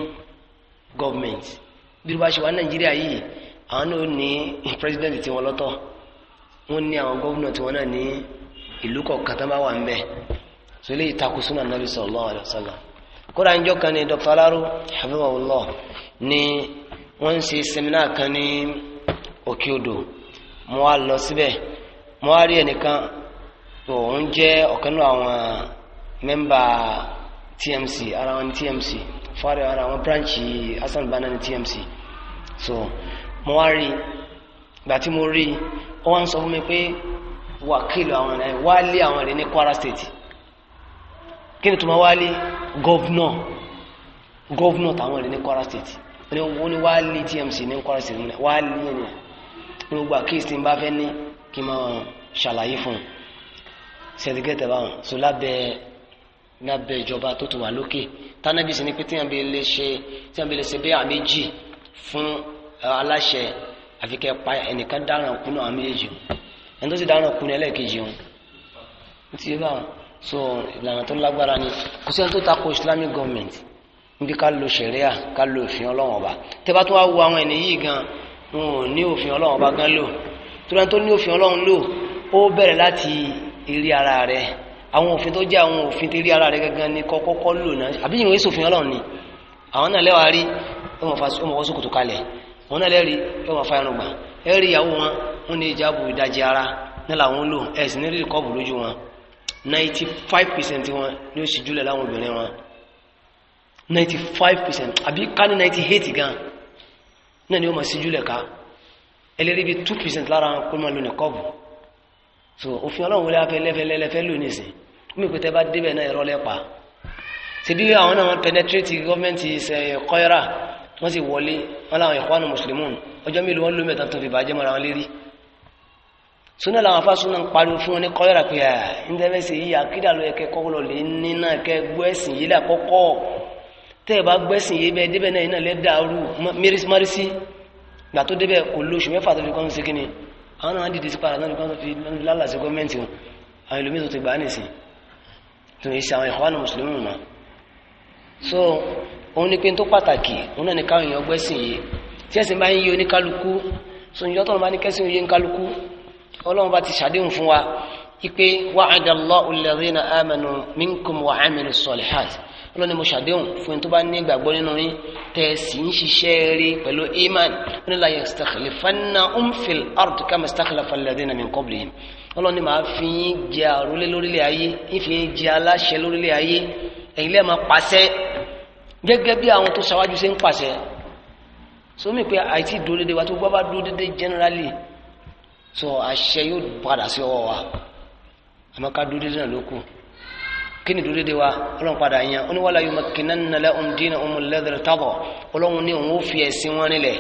government bí wọ́n bá ṣe wà ní Nàìjíríà yìí àwọn náà ní president tiwọn lọ́tọ̀ wọ́n ní àwọn gómìnà tí wọ́n náà ní ìlú kọ̀ọ̀kan tó bá wà ń bẹ̀ tó lè takò súnà nàbí sallallahu ń kan ní ni wọn ń ṣe kan ní òkè odò mo wá lọ síbẹ̀ mo wá rí ẹnìkan nínú TMC ara wọn TMC fọ́ọ̀rẹ́ ara wọn branch Hassan TMC so mo gbà tí mo rí i wọ́n ń sọ fún mi pé wàkìlù àwọn ẹ̀ wálé àwọn ẹ̀ ní Kwara State kí ni tó máa wálé gọ́vnọ̀ gọ́vnọ̀ táwọn ẹ̀ ní Kwara State wọ́n ní wálé TMC ní Kwara State múlẹ̀ wálé ẹ̀ ní gbogbo àkíyèsí tí n bá fẹ́ ní kí n máa ṣàlàyé fún un sẹ́dígẹ́tẹ̀ báwọn so lábẹ́ lábẹ́ ìjọba tó ti wà lókè tánábìsì ni pé tí wọ́n bẹ lè ṣe bí àméjì fún eh, aláṣẹ àfi kẹ́ pa ẹnìkan dáràn kú náà méjèèjì ẹni tó sì dáràn kú ní ẹlẹ́ẹ̀kejì òun ó ti bá so ìlànà tó lágbára ni kò sí ẹni tó tako islamic government níbi ká lo ṣẹ̀ríà ká lo òfin ọlọ́wọ́n ọba tẹ́ bá tún wá wo àwọn ẹni yìí gan wọn ò ní òfin ọlọ́wọ́n ọba gan lò tó lẹ́ni tó ní òfin ọlọ́wọ́n lò ó bẹ̀rẹ̀ láti eré ara rẹ̀ àwọn òfin tó jẹ́ àwọn òfin tó eré ara rẹ̀ gangan ni kọ́kọ́kọ́ lò náà àbí ìwé sòfin ọlọ́wọ́n ni àwọn náà lẹ́wàá rí ọmọ fásitì ọmọ wọ́n sókòtò kalẹ̀ wọn náà lẹ́rìí yóò máa fa irun gbà ẹ̀rí ìyàwó wọn wọn ní ìjábù ìdajì ara ní làwọn lò ẹ̀sìn ní rírì kọ́ọ̀bù lójú wọn ninety five percent wọn ni ó sì júlẹ̀ láwọn obìnrin wọn ninety five percent àbí ká ní ninety eight gan náà ni ó máa sí júlẹ̀ ká ẹlẹ́rìí bíi two percent lára wọn kó máa lò ní kọ́ọ̀bù so òfin ọlọ́run wọlé afẹ́ lẹ́fẹ́ lẹ́fẹ́ lò nísìn kúmi pété bá débẹ̀ náà ẹ̀rọ lẹ́pa ṣebí àwọn náà wọn penetrate gọ́ọ̀mẹ̀ntì ṣe kọ́yọ́rà wọ́n sì wọlé wọ́n láwọn Ikhwanul Muslimun ọjọ́ mélòó wọ́n lómi ẹ̀tàn tó fi bàjẹ́ mọ́ra wọn lérí súnà làwọn afá súnà ń pariwo fún wọn ní kọ́lẹ́rà pé à ń tẹ́fẹ́ sí yìí àkídà ló yẹ kẹ́ kọ́kọ́ lọ lè ní náà kẹ́ gbẹ́sìn yìí lákọ́kọ́ tẹ́ ẹ bá gbẹ́sìn yìí bẹ́ẹ̀ débẹ̀ náà iná lẹ́ dàrú mẹ́rìsímárìsí gbà tó débẹ̀ kò lóṣù mẹ́fà tó fi kọ́ ń ṣe kíni àwọn náà dìde sí padà so òun ni pé tó pàtàkì òun náà ni káwọn èèyàn gbẹ́sìn yìí tí ẹ̀sìn bá ń yí oníkálukú so ìjọ tọ́lọ́ bá ní kẹ́sìn yí oníkálukú ọlọ́run bá ti ṣàdéhùn fún wa ipe wa'ada Allahu alladhina amanu minkum wa amilu salihat ọlọ́run ni mo ṣàdéhùn fún tó bá ní ìgbàgbọ́ nínú yín tẹ̀ sí ń ṣiṣẹ́ rí pẹ̀lú iman ní la gẹ́gẹ́ bí àwọn tó ṣáwájú ṣe ń pàṣẹ so mi pé àìtí dúró dédé wa tó bá bá dúró dédé generally so àṣẹ yóò padà sí ọwọ́ wa àmọ́ ká dúró dédé náà ló kù kí ni dúró dédé wa ọlọ́run padà yan ó ní wala yumakkinanna lahum dinahum alladhi irtada ọlọ́run ní òun ó fi ẹ̀sìn wọn nílẹ̀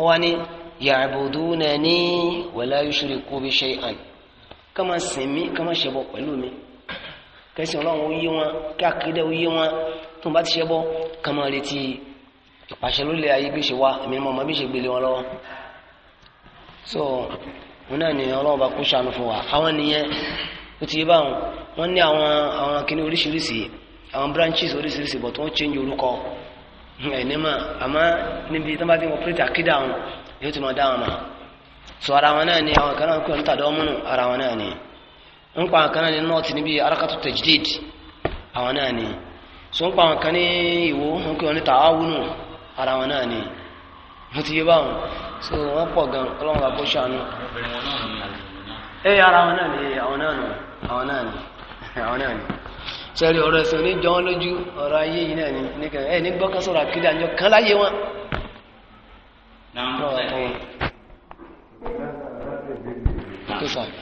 ó wá ní ya'budunani wala yushriku bi shay'an ká máa sìn mí ká máa ṣẹbọ pẹ̀lú mi kẹsìn ọlọ́run oyé wọn kí akéde oyé wọn tó ń bá ti ṣe bọ́ ká retí ìpàṣẹ lórílẹ̀ ayé bí ṣe wá èmi mọ̀ bí ṣe gbélé wọn lọ́wọ́ so wọn náà ní ọlọ́run bá kó ṣàánú fún wa àwọn nìyẹn ó ti yé báwọn wọn ní àwọn àwọn kíní oríṣiríṣi àwọn branches oríṣiríṣi bọ̀ tó ń change orúkọ ẹni àmọ́ níbi tí wọ́n bá ti wọ́n pírẹ́tì akéde àwọn yóò ti máa dá wọn mà so ara wọn náà ní àwọn kan náà kú ẹ̀ ń mọ́nù ara wọn náà ní. ń pa nǹkan ní north níbi arakatu tajdid àwọn náà so ń pa nǹkan ní ìwò wọn kí wọn ní ara wọn náà ni ti yé báwọn so wọn pọ̀ gan ọlọ́run bá ṣàánú. ẹ ara wọn náà ni àwọn náà ni àwọn ni ọ̀rọ̀ ẹ̀sìn wọn lójú ọ̀rọ̀ ayé yìí náà ni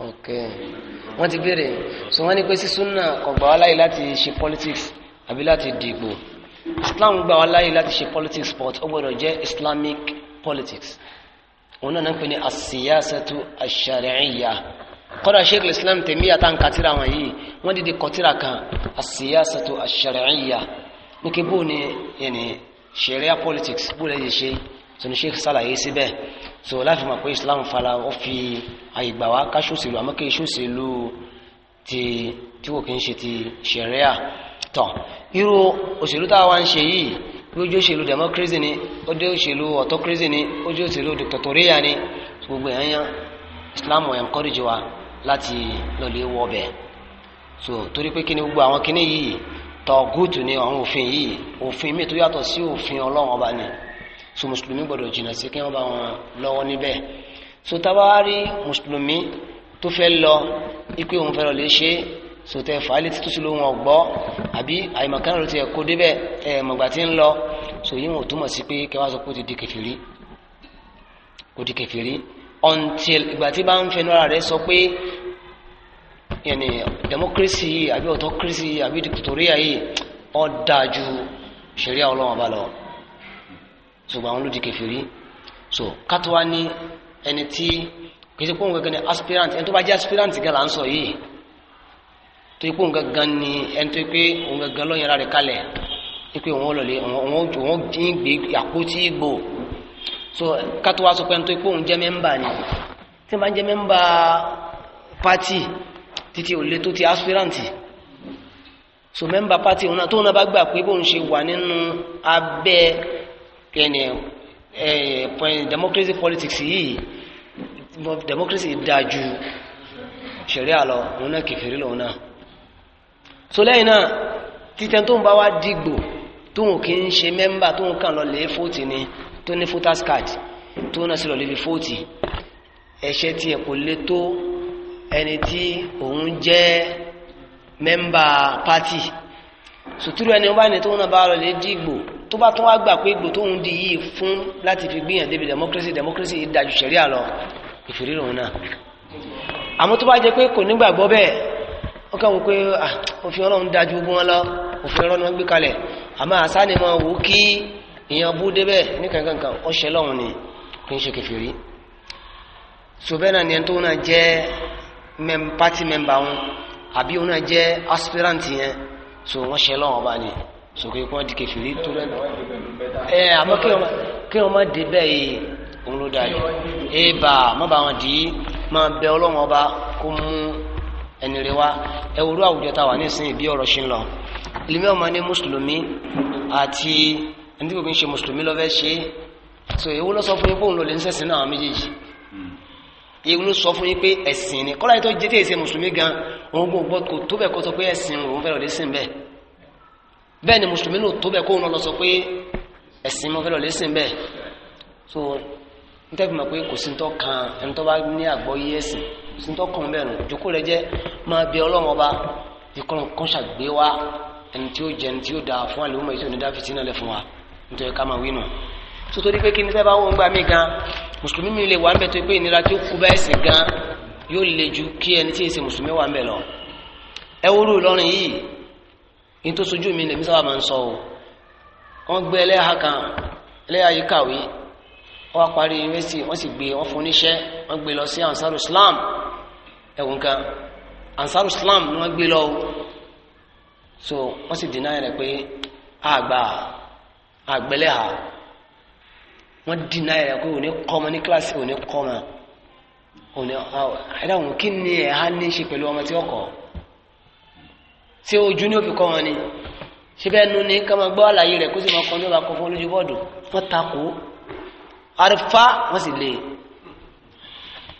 ok wọ́n ti béèrè so wọ́n ní pé sí súnà kò gbà láti ṣe politics àbí láti dìbò Islam gbà wá láì láti ṣe politics but ó gbọ́dọ̀ jẹ́ Islamic politics òun náà ń pè ní asiyasatu ashariyya kọ́dà sheikh islam tèmíyà tá n ka tíra wọn yìí wọ́n dìde kọ tíra kan asiyasatu ashariyya ní kí bóun ni yẹn sharia politics bóun lè ṣe sọ ni sheikh ṣàlàyé síbẹ̀ so láti mọ̀ pé islam fara ó fi àyè gbà wá ká ti tí kò kí ń ṣe ti ṣẹ̀ríà tọ̀ irú òṣèlú tá a wá ń ṣe yìí bí ojú òṣèlú democracy ni ojú òṣèlú autocracy ni ojú òṣèlú dictatorial ni gbogbo èèyàn yan islam ọ̀ encourage wa láti lọ́lẹ̀ wọ ọbẹ̀ so torí pé kí ni gbogbo àwọn kíní yìí tọ̀gùtù ni àwọn òfin yìí òfin mi tó yàtọ̀ sí òfin ọlọ́run ọba ni so mùsùlùmí gbọ́dọ̀ jìnnà sí kí wọ́n bá wọn lọ́wọ́ níbẹ̀ so tábà wá rí mùsùlùmí tó fẹ́ lọ ipe òun fẹ́ lọ lè ṣe so tẹ fàálì títí sí lóhun ọ̀gbọ́ àbí àìmọ̀kánà ló ti ẹ̀kọ́ débẹ̀ ẹ̀mọ̀gbà tí ń lọ so yìí wọn ò túmọ̀ sí pé kẹwàá sọ pé ó ti di kẹfìrí ó di kẹfìrí until ìgbà tí bá ń fẹnu ara rẹ̀ sọ pé yẹni democracy yìí àbí autocracy yìí àbí dictatorial yìí ó dáa ju ọlọ́wọ́n bá lọ ṣùgbọ́n àwọn olùdí kẹfìrí so kátó wá ní ẹni tí kìí pọ́n gangan ni aspirant ẹni tó bá jẹ́ aspirant gan la ń sọ yìí tó yẹ pọ́n ni ẹni tó pé òun gangan lọ́yìn rẹ̀ kalẹ̀ yẹ pé òun lọ́lẹ̀ òun gbé àpótí ìgbò so kátó wá sọ pé ẹni tó yẹ pé òun jẹ́ mẹ́mbà ni tí wọ́n jẹ́ mẹ́mbà pátì títí ò tó ti aspirant so mẹ́mbà pátì òun náà tó náà bá gbà pé bóun ṣe wà nínú abẹ́ yẹni ẹ democracy politics yìí democracy dáa ju ṣẹ̀ríà lọ òun náà kẹfìrí lòun náà so lẹ́yìn náà títẹ̀ tó ń bá wá dìgbò tóun kì í ṣe mẹ́mbà tóun kàn lọ lè fóòtì ni tó ní voters card tó náà sì lọ lè fi fóòtì ẹ̀ṣẹ̀ tiẹ̀ kò lè tó ẹni tí òun jẹ́ mẹ́mbà party sòtúrú ẹni wọn bá ní tóun náà bá lọ lè dìgbò tó bá tún wá gbà pé egbò tóun di yìí fún láti fi gbìyàn débi democracy democracy dájú ṣẹ̀ríà lọ ìfìrí lòun náà àmọ́ tó bá jẹ pé kò nígbàgbọ́ bẹ́ẹ̀ ó kàn pé òfin ọlọ́run dájú gbọ́n wọn lọ òfin ọlọ́run wọn gbé kalẹ̀ àmọ́ àṣà ni máa wò ó kí èèyàn bú débẹ̀ ní kankankan ọ̀ṣẹ́ lọ́run ni kì í ṣe kẹfìrí ṣùgbọ́n náà ni ẹni tó náà jẹ́ party member wọn àbí wọn náà jẹ́ aspirant yẹn so wọ́n ṣe lọ́wọ́ bá ní sókè kí wọ́n di kẹfìrí tó rẹ̀ ẹ àmọ́ kí wọ́n má dé bẹ́ẹ̀ yìí òun ló dáa jù ẹ bà má bà wọn dì í má bẹ ọlọ́wọ́n ọba kó mú ẹni rẹ wá ẹ wúrú àwùjọ tá a wà nísìnyí bí ọ̀rọ̀ ṣe ń lọ ìlú mẹ́wàá máa ní mùsùlùmí àti ẹni tí kò kí ń ṣe mùsùlùmí lọ́fẹ́ ṣe so èwo ló sọ fún yín pé òun ló lè ń sẹ̀sìn náà méjèèjì èwo ló sọ fún yín pé ẹ̀sìn ni kọ́lá yìí tó jẹ́ tẹ̀sẹ̀ mùsùlùmí gan òun gbọ́ tó bẹ̀ kó sọ pé ẹ̀sìn òun fẹ́ràn lè sìn bẹ́ẹ̀ bẹ́ẹ̀ ni mùsùlùmí ló tó bẹ́ẹ̀ kó wọn lọ sọ lọ lẹ́sìn bẹ́ẹ̀ so n tẹ́ fi mọ̀ pé kò sí tó kan ẹni tó bá ní àgbọ́ yí ẹ̀sìn kò sí bẹ́ẹ̀ nù rẹ jẹ́ máa bẹ ọlọ́run ọba ìkọlọ̀ kan ṣàgbé wa ẹni tí ó jẹ ẹni tí ó fún àlè ọmọ ìṣòwò ní dáfi sínú ẹlẹ fún wa nítorí wí nù torí ni wọn gbà mí mi lè wà ń bẹ in tó sojú mi lèmi sábà máa ń sọ o wọ́n gbé ẹlẹ́yà kan ẹlẹ́yà yìí kàwé wọ́n parí yunifásitì wọ́n sì gbé wọ́n fún níṣẹ́ wọ́n gbé lọ sí ansaru islam ẹ̀wọ̀n kan ansaru islam ni o so wọ́n sì dínà rẹ̀ pé àgbà àgbẹ̀lẹ́hà wọ́n ha. rẹ̀ pé òní kọ́mọ ní kíláàsì òní kọ́mọ òní ẹ̀dá òun kí ni ẹ̀ ní í ṣe pẹ̀lú ọmọ tí ṣé ojú ni ó fi kọ́ wọn ni ṣé bẹ́ẹ̀ nu ni ká máa gbọ́ àlàyé rẹ̀ kó sì máa kọ́ ní ọba kọ́ fún olójú bọ́ọ̀dù wọ́n takò àrífà wọ́n sì lè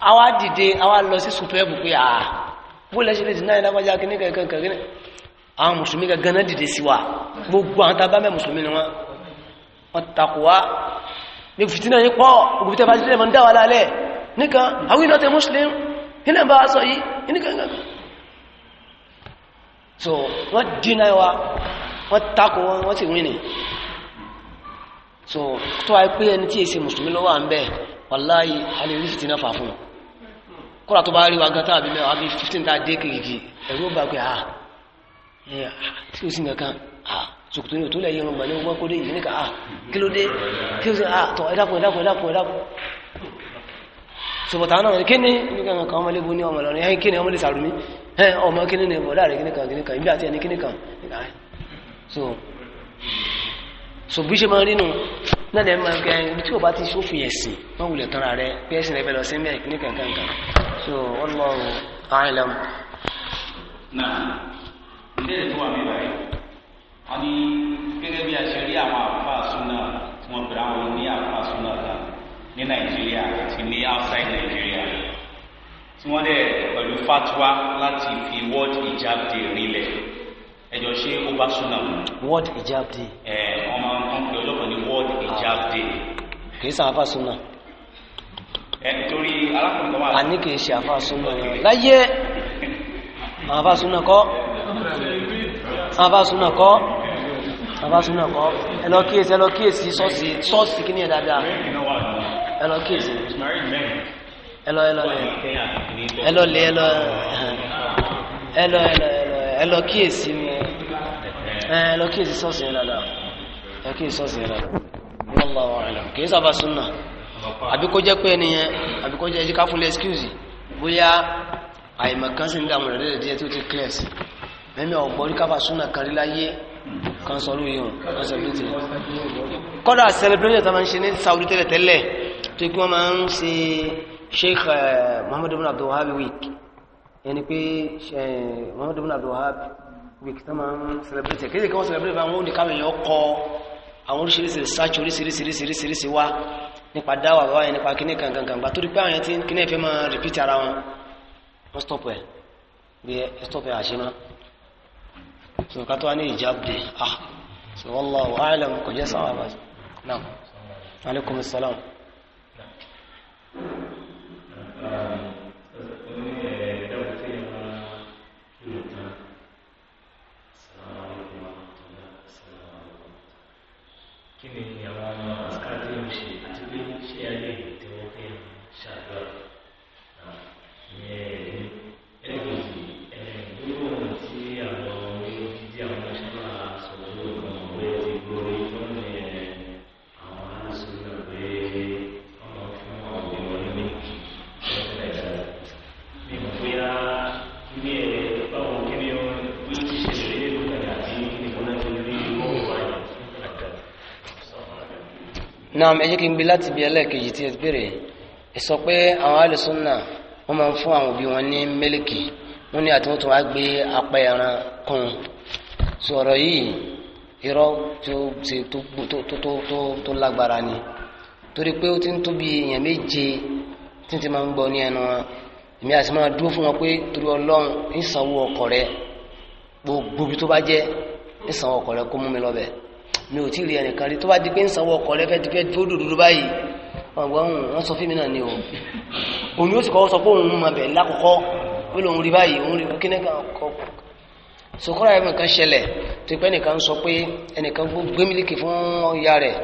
àwa dìde àwa lọ sí sùpẹ́ẹ̀bù pé à bó lẹ́sẹ̀ lè dìnnà ìlàgbájá kí ní kankan kankan àwọn mùsùlùmí kankan náà dìde sí wa gbogbo àwọn tábà mẹ́ mùsùlùmí ni wọ́n wọ́n takò wá ní fìtínà yìí pọ̀ ògùn tẹ́fà sílẹ̀ mọ́ ń dá lálẹ́ nìkan are we not a Muslim kí náà bá a sọ yìí nìkan kankan so wọ́n dínà wa wọ́n takò wọn wọ́n sì rìn ní so tó wáyé pé ẹni tí èsì mùsùlùmí lọ́wọ́ à ń bẹ̀ wàláyé alẹ́rí fìtínà fà fún kóra tó bá rí wa gan tá àbí mẹ́wàá bí fifteen tá a dé kìkì ẹ̀rú ó bá pé ah tí ah, o sì nìkan ah sòkòtò ní òtún lẹ́yìn ọgbà ní ọgbà kó dé yìí nìkan ah kí ló dé kí ló sì ah tọ ẹ̀dàpọ̀ ẹ̀dàpọ̀ ẹ̀dàpọ̀ ẹ̀dàpọ̀ sọ̀bọ̀tà náà kí ni kí ni ọmọlẹ́bù ní ọmọlẹ́bù ní kí ni ọmọlẹ́sàrùmí ọmọ kíní ni bọ̀dá rẹ̀ kíní kan kíní kan ibi àti ẹni kíní kan so so bí ṣe máa rí nù náà lè máa gẹ ibi tí o bá ti ṣòfin ẹ̀sìn má wulẹ̀ tán rẹ bí ẹ̀sìn rẹ fẹ́ lọ sí mẹ́rin kíní kan kan kan so wallahu a'lam. náà ìbéèrè tó wà mí báyìí wọn ní gẹ́gẹ́ bí a ṣe rí àwọn àfáà súnà tí wọ́n bẹ̀rẹ̀ àwọn ní àfáà súnà kan ní nàìjíríà àti ní outside nàìjíríà tí wọ́n dẹ̀ pẹ̀lú fatwa láti fi word hijab day rinlẹ̀ ẹjọ́ ṣé ó bá súnà wọn. word hijab day. ẹ ọmọ kan pé ọlọ́kan ní word hijab day. kì í sàn afa súnà. ẹ nítorí alákùnrin kan wà. àní kì í ṣe afa súnà láyé àwọn afa súnà kọ́ àwọn afa súnà kọ́ bàbá súnà kọ́ ẹlọ kíyèsí ẹlọ kíyèsí sọ́ọ̀sì kí ní ẹ̀dàdà ẹlọ kíyèsí ẹlọ ẹlọ ẹlọ lé ẹlọ ẹlọ ẹlọ ẹlọ kíyèsí mi ẹlọ kíyèsí sọ́ọ̀sì yẹn dáadáa ẹlọ kíyèsí sọ́ọ̀sì yẹn dáadáa wallahu a'lam kìí sábà súnà àbí kó jẹ́ pé ẹnìyẹn àbí kó jẹ́ ẹjíká fún lé ẹ́skúùsì bóyá àìmọ̀kan sí ní àwọn ìrẹ̀lẹ̀ díẹ̀ tó ti clear sí mẹ́mí ọ̀gbọ́n rí káfà súnà kan rí láyé kan sọ lórí ohun kan sọ lórí tẹ̀lé kọ́dà celebration tó máa ń ṣe ní Saudi tẹ́lẹ̀ tẹ́lẹ̀ tó kí wọ́n máa ń ṣe sheikh eh, muhammad ibn abdul wahab week ẹni pé eh, muhammad ibn abdul wahab week tó máa ń celebrate kí ni kí wọ́n celebrate báwọn ní káwọn èèyàn kọ àwọn oríṣiríṣi research oríṣiríṣiríṣiríṣi wá nípa dáwà bá wáyé nípa kíní kankan kan gbà tó rí pé àwọn ẹtí kíní ẹ̀fẹ́ máa repeat ara wọn wọ́n stop ẹ̀ bí ẹ stop ẹ̀ àṣemá so ká tó wá ní ìjábde ah so wallahu a'lam kò jẹ́ sáwọn àbájá náà alaikum salaam kí náà ẹ jẹ́ kí n gbé láti bí ẹlẹ́ẹ̀kejì tí ẹ ti bèrè ẹ sọ pé àwọn alùsùnà wọ́n máa ń fún àwọn òbí wọn ní mílíkì wọ́n ní àti wọ́n tún wá gbé apá ẹran kún sọ̀rọ̀ yìí irọ́ tó lágbára ni torí pé ó ti ń tóbi èèyàn méje tí ti máa ń gbọ́ ní ẹnu wọn èmi àti máa dúró fún wọn pé torí ọlọ́run ń ọkọ̀ rẹ gbogbo ibi tó bá jẹ́ ń ọkọ̀ rẹ kó mú mi lọ́bẹ̀ẹ́ mi ò tí rí ẹnìkan rí tó bá di pé ń sanwó ọkọ̀ rẹ fẹ́ ti fẹ́ tó dòdò báyìí ọgbọ́n wọn sọ fíìmì náà ni o òun yóò sì kọ́ sọ pé òun máa bẹ̀ lákọ̀ọ́kọ́ pé lòun rí báyìí òun rí kí nìkan kọ́ sokora ẹ̀ nìkan ṣẹlẹ̀ tó pé ẹnìkan sọ pé ẹnìkan gbé mílíkì fún ìyá rẹ̀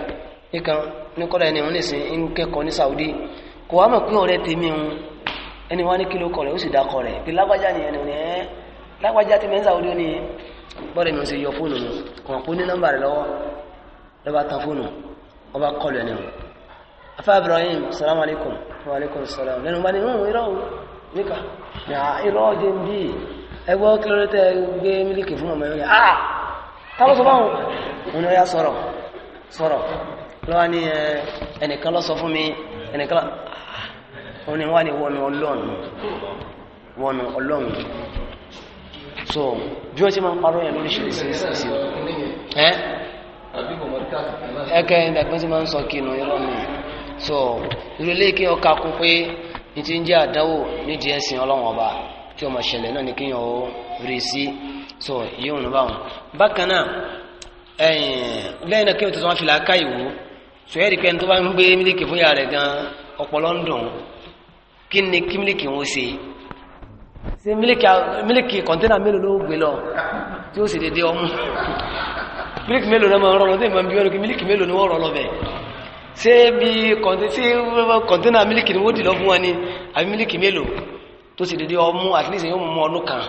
nìkan ní kọ́ra ẹni òun nìsín ń kẹ́kọ̀ọ́ ní Saudi kò wá mọ̀ pé ọ̀rẹ́ tèmi òun ẹni wá ní kí ló kọ rẹ̀ ó sì dákọ̀ rẹ̀ pé lágbájá ni ẹni ẹ̀ lágbájá tèmi ń Saudi ó ní bọ́ọ̀rẹ̀ mi ò sì yọ fóònù mi kàn kó ní nọ́mbà rẹ̀ lọ́wọ́ lọ́ba tán fóònù ọba kọlu ẹni wọn afa ibrahim salamu alaikum wa alaikum salam lẹnu bá ní ń hmm, irọ́ o níka ní à irọ́ ọdẹ ń bí ẹgbẹ́ kílódétẹ gbé mílíkì fún ọmọ yẹn ah táwọn sọ báwọn òun ni ó yá sọ̀rọ̀ sọ̀rọ̀ lọ́wọ́ ní ẹnìkan lọ sọ fún mi ẹnìkan ah, òun ni wà ní wọnú ọlọ́run wọnú ọlọ́run so bí wọ́n ṣe máa ń parọ́ yẹn lóríṣiríṣi ẹ́ ẹkẹ ẹgbẹ́ tí máa ń sọ kinu irọ́ mi so ìrọ̀lẹ́ kí ọ kakú pé ní ti ń jẹ́ àdánwò nídìí ẹ̀sìn ọlọ́wọ́n ọba tí ó máa ṣẹlẹ̀ náà ni kí ọ rí sí so yíò nù báwọn bákan náà ẹ̀yìn lẹ́yìn náà kí ọ tuntun wọn fi làákà ìwò so ẹ̀rí pé ẹni tó bá ń gbé mílíkì fún ìyá rẹ̀ gan ọpọlọ ń dùn kí ni kí mílíkì wọn ṣe ṣe mílíkì kọ̀ńténà mélòó ló gbé lọ tí ó sì dédé ọmú mílíkì melo na ma ń rọrùn ma ìmọ̀ bí wọ́n kí mílíkì mélòó ni wọ́n rọrọ lọ́bẹ̀ ṣé bí kọ̀ǹtínà mílíkì ni wọ́n dì lọ fún wọn ni àbí mílíkì mélòó tó sì dédé ọmú at least yóò mú ọdún kan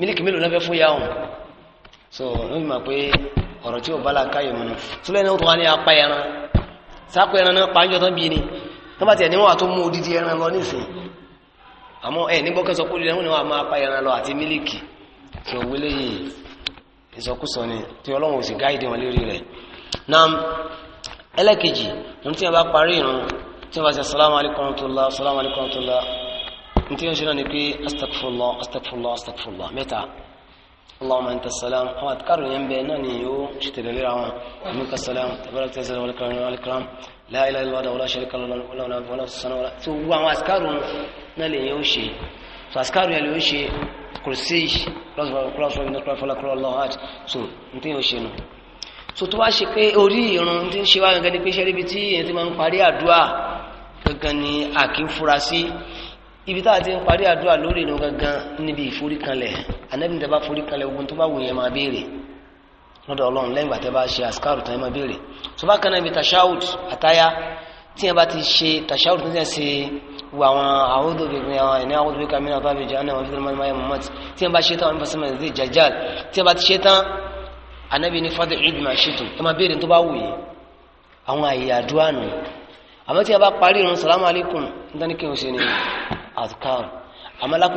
miliki melo na fẹ́ fún yahoo so ló mọ̀ pé ọ̀rọ̀ tí ò la káyọ̀ mọ́nà tó tó ní apá ẹran ẹran náà pàjọ́ tán bí ni tó bá tiẹ̀ ní mú odidi ẹran lọ àmọ́ ẹ̀ ni máa apá ẹran lọ ìsọkúsọ ni tí ọlọ́run ò sì gáìdì wọn lérí rẹ̀ náà ẹlẹ́kejì ohun tí a bá parí ìrun tí wọ́n bá ṣe salamu alaykum tula salamu alaykum tula ohun tí wọ́n ṣe náà ni pé astagfurullah astagfurullah astagfurullah mẹ́ta allahumma anta salam àwọn àtikárò yẹn bẹ náà ni yóò ṣe tẹ̀lé léra wọn amúkà salam tabarak tẹ̀sán wọlé kan wọlé kan láìláìlú wàdà wọlé ṣẹlẹ̀ kan wọlé wọlé wọlé sọ̀nà wọlé tí wọ́n àwọn àtikárò náà lè yẹn ó ṣe so àsìkárù yẹn ló ṣe kùrùsí kúlọ̀sọ̀ iná kúlọ̀fọ́lá kúlọ̀lọ́ hajj so n tí yóò ṣe nù so tó wá ṣe pé orí ìrun tí ń ṣe wá gangan ni pé ṣe ríbi tí èyàn ti máa ń parí àdúrà gangan ni àkí fura sí ibi táà ti ń parí àdúrà lórí ìrun gangan níbi ìforíkanlẹ̀ anábì tẹ bá foríkanlẹ̀ ogun tó bá wù yẹn máa béèrè lọ́dọ̀ ọlọ́run lẹ́yìn ìgbà tẹ bá ṣe àsìkárù tán máa béèrè so bákan náà ibi tashahud àtáyá tí yẹn bá ti ṣe tashahud tó ń ṣe àwọn àwọ́dọ̀ gbogbo àwọn ẹ̀ní àwọ́dọ̀ gbogbo àmì àwọn àbẹ̀jẹ̀ àwọn àwọn ìfẹ́lẹ̀ máa mọ̀ mọ́tì tí bá ṣe tán wọ́n fásitì mẹ́rin jajal tí wọ́n bá ti ṣe tán anábì ní fadé ìdí máa ṣètò ẹ máa béèrè tó bá wù yìí àwọn àyè àdúrà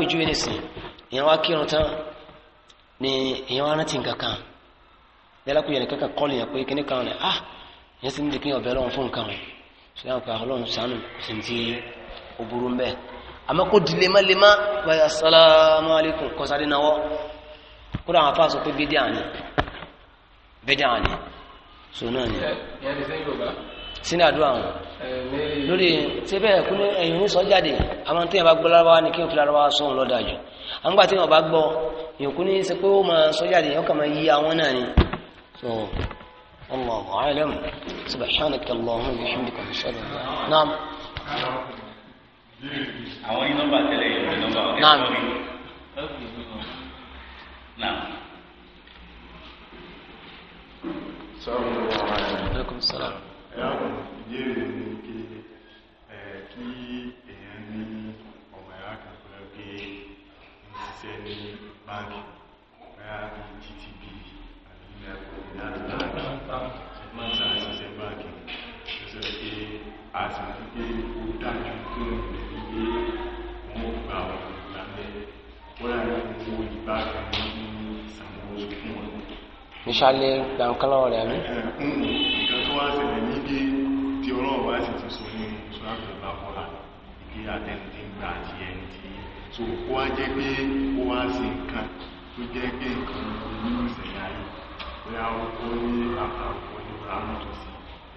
ni azkar ni ìyẹn wá rántí nǹkan kan yálàkùyẹ nìkan kan kọ́ọ̀lù yẹn pé ah ìyẹn sì ń di kí ọbẹ̀ lọ́wọ́ fún ó burú mbẹ àmọ́ kó di lemálema báyà sálámù alaykum kọsáré náwó kódà àwọn afáàsọ pé bídí àní bídí àní so náà ni. sínú àdúrà wọn lórí ṣé bẹ́ẹ̀ kú ní ẹ̀yìn ní sọ́jáde àwọn tí wọn bá gbọ́ lárúbáwá ni kí wọn fi lárúbáwá sọ̀rọ̀ lọ́dà jù àwọn tí wọn bá gbọ́ ìyókù ní ṣe pé ó máa sọ́jáde yẹn ó yí àwọn náà ni. so الله أعلم سبحانك اللهم وبحمدك نشهد أن نعم àwọn ní nọ́mbà tẹ́lẹ̀ yìí ní nọ́mbà ọ̀kẹ́ sọ́ọ̀rì. naam. sọ́ọ̀rì ló wà wá yẹn. aleykum salaam. ẹ̀yà ìbéèrè ni pé kí èèyàn ní ọmọ ẹ̀yà kan fún ẹ pé ìṣiṣẹ́ ní báńkì ẹ̀yà bíi GTB àbí ẹ̀kọ́ ìyá àti báńkì ìmọ̀ ìṣàṣiṣẹ́ báńkì ìṣẹ́ pé àti wípé ó dájú pé wọ́n nǹkan tó wá ṣẹlẹ̀ ní bí tí ọlọ́run bá sì ti sọ nínú sọ́yàtọ̀ ìbá kọ́lá kí àtẹnudé àti ẹni tí so ó wá jẹ́ pé ó wá sí nǹkan tó jẹ́ pé nǹkan nínú ìṣẹ̀lẹ̀ ayé bóyá ó ní àbàwọ̀ ní ọ̀rọ̀ àmọ́tòsí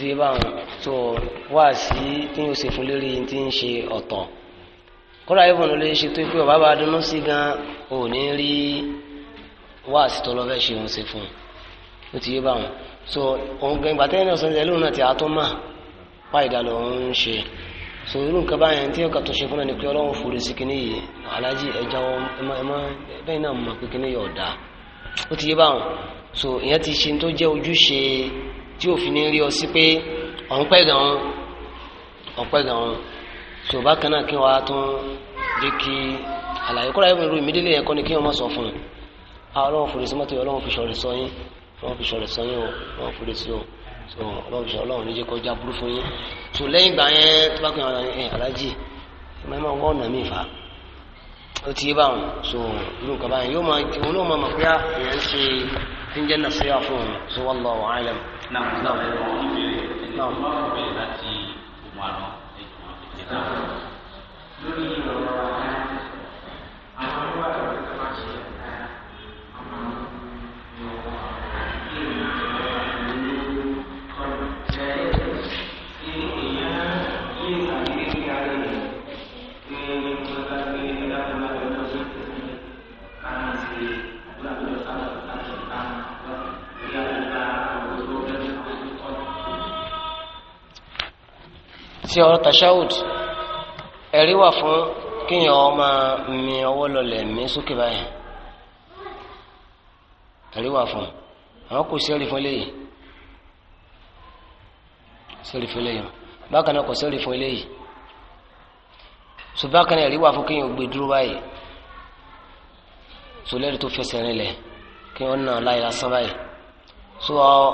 ti bá wọn tó wá sí tí yóò ṣe fún lérí tí ń ṣe ọ̀tọ̀ kódà yóò fọnà lè ṣe tó pé ọba bá dunú sí gan ò ní rí wá sí tó lọ fẹ́ ṣe wọn ṣe fún un ó ti yé bá wọn so òun gan ìgbà tẹ́yìn náà sọ nílẹ̀ lóun náà ti àtọ́ mà pa ìdálọ́ ń ṣe so irú nǹkan báyẹn tí ọkà tó ṣe fún ẹni pé ọlọ́run forí sí kíní yìí alájí ẹja ọmọ bẹ́ẹ̀ náà mọ̀ pé kíní so ìyẹn ti ṣe tó tí òfin ní rí ọ sí pé ọ̀npẹ́ gan-an ọ̀npẹ́ gan-an tí ò bá kan náà kí wọ́n á tún jẹ́ kí àlàyé kọ́ra ẹ̀rọ ìlú ìmídílé yẹn kọ́ ni kí wọ́n má sọ fún un ọlọ́run fòrè sí mọ́tò ọlọ́run fi sọ̀rọ̀ sọ yín ọlọ́run fi sọ̀rọ̀ sọ yín o ọlọ́run fòrè sí o ọlọ́run fi ọlọ́run níjẹ́ kọ́ já burú fún yín so lẹ́yìn ìgbà yẹn tó bá pè wọn ẹ alájì ẹ máa wọ́n ọ̀nà mi fà á ó ti yé báwọn so inú nǹkan báyìí yóò máa òun náà máa mọ̀ pé ah, èèyàn ń ṣe tí nàṣẹ́yà fún òun so wallahu alam náà kò ti ọ̀rọ̀ tashahud ẹ̀rí wà fún kíyàn ọmọ mi ọwọ́ lọlẹ̀ mi sókè báyìí ẹ̀rí wà fún àwọn kò sẹ́rí fún eléyìí sẹ́rí fún eléyìí bákan náà kò sẹ́rí fún eléyìí so bákan náà ẹ̀rí wà fún kíyàn gbé dúró báyìí so lẹ́rìí tó fẹsẹ̀ rinlẹ̀ kíyàn náà láyé lásán báyìí so àwọn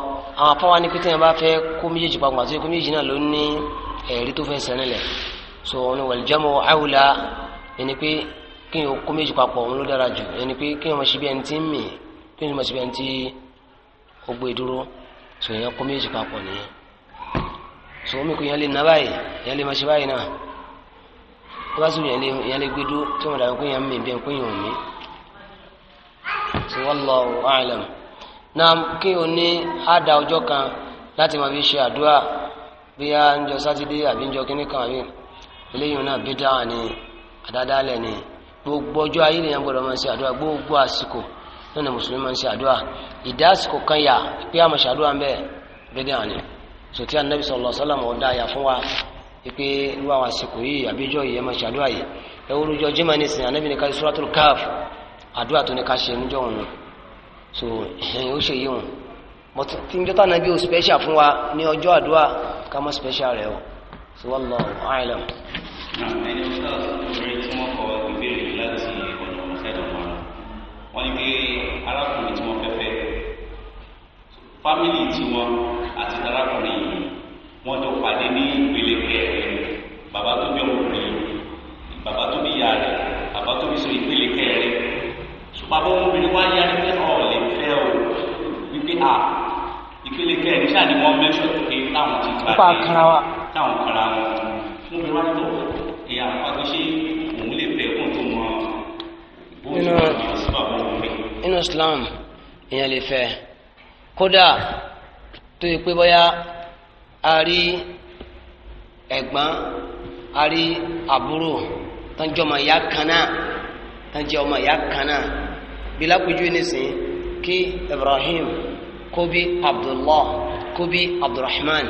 afọwọ́ ni pété yẹn bá fẹ́ kó méjèèjì papọ̀ àti kó méjèèjì náà ló ní ẹ̀rí tó fẹ́ sẹ́rin lẹ̀ so òun ni wàlìjámọ̀ àwùlá ẹni pé kí o kó méjì papọ̀ òun ló dára jù ẹni pé kí o mọ̀ síbi ẹni tí ń mì kí o mọ̀ síbi ẹni tí o gbé dúró so èèyàn kó méjì papọ̀ nìyẹn so omi kò yẹn lè ná báyìí yẹn lè mọ̀ sí báyìí náà tó bá sì yẹn lè yẹn lè gbé dúró tí wọ́n dàgbé pé yẹn mì bí ẹni pé yẹn ò mí so wallahu a'lam náà kí o ní á da ọjọ́ kan láti máa fi ṣe àdúrà bóyá ń jọ sátidé àbí ń jọ kíní kan àbí eléyìí náà bí dáhà ni àdádálẹ̀ ni gbogbo ọjọ́ ayé lèèyàn gbọ́dọ̀ máa ń ṣe àdúrà gbogbo àsìkò náà ni mùsùlùmí máa ń ṣe àdúrà ìdá àsìkò kan yà pé àmọ̀ ṣàdúrà ń bẹ̀ bí dáhà ni sòtí ànábì sallallahu alaihi wasallam ọ̀dà àyà fún wa pé irú àwọn àsìkò yìí àbíjọ yìí ẹ máa ṣàdúrà yìí ẹ wúlú jọ jimá ní sìn ànábì ní ká suratul Kahf àdúrà tó ní ká ṣe níjọ òun so ẹ̀yìn ó ṣe yìí òun mọ̀tí ń jọ́tà ànábì ò special fún wa ní ọjọ́ àdúrà ká special rẹ̀ o so wallahu a'lam. ẹni ọ̀sán ọ̀rẹ́ tí wọ́n kọ ìbéèrè láti ọ̀nà ọ̀fẹ́ dọ̀mọ́ wọn ni pé arákùnrin tí wọ́n fẹ́ fẹ́ fámìlì tí wọ́n àti arákùnrin yìí wọ́n jọ pàdé ní ìpele kẹrin bàbá tó bí ọkùnrin bàbá tó bí ìyá rẹ̀ bàbá tó bí sọ ìpele kẹrin bàbá ọmọbìnrin wá yá pé ọ̀ lè fẹ́ o wípé a ìpele kẹrin ṣáà ni wọ́n mẹ́ṣọ̀ pé táwọn ti gbà dé táwọn kanra wọn mo fi wá tó ìyá àpapọ̀ ṣé òun lè bẹ̀ kó tó mọ bóyá ìsúbà bọ̀ wọlé. ìyẹn lè fẹ́ kódà tó yẹ pé bóyá a rí ẹ̀gbọ́n a rí àbúrò tán jẹ́ ọmọ ìyá kan náà tán jẹ́ ọmọ ìyá kan náà bí lápẹjú nísìnyí kí Ibrahim kó bí abdullah kó bí abdulrahman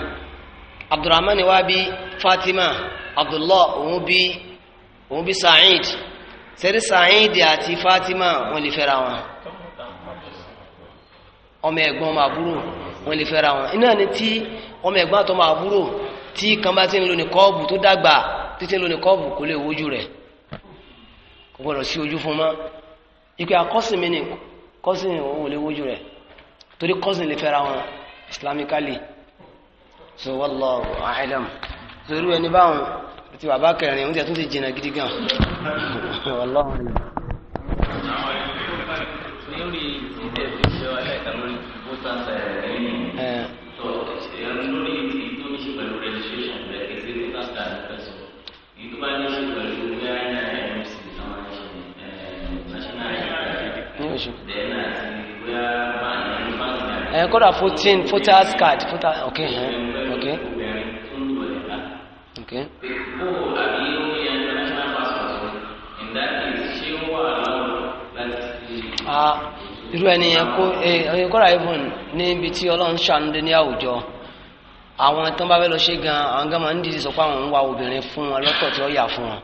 abdulrahman wá bí fatima abdullah òun bí òun bí sa'id sẹ́rí sa'id àti fatima wọ́n lè fẹ́ra wọn ọmọ ẹ̀gbọ́n ọmọ àbúrò wọ́n lè fẹ́ra wọn iná ni tí ọmọ ẹ̀gbọ́n àtọmọ àbúrò tí kan bá ti ń lo ní kọ́ọ̀bù tó dàgbà títí ń lo ní kọ́ọ̀bù kò lè wojú rẹ̀ kò gbọ́dọ̀ sí ojú fún mọ́ ìpè àkọ́sìn mi ni kọ́sìn òun ò lè wojú rẹ̀ torí cousin lè fẹ́ra wọn islamically so wallahu a'lam torí ẹni báwọn ti wà bá kẹrin oúnjẹ tó ti jìnnà gidi gan wallahu a'lam. Eh. Eh. Thank you ẹ eh, kọ́dà fourteen voters card voter eh, ok ok ok. Ah, irú ẹni yẹn kó ẹ eh, kọ́dà even níbi tí ọlọ́run ṣàánú dé ní àwùjọ àwọn tó ń bá fẹ́ lọ ṣe gan àwọn gan máa ń dìde sọ pé àwọn ń wa obìnrin fún wọn lọ́tọ̀ tí ó yà fún wọn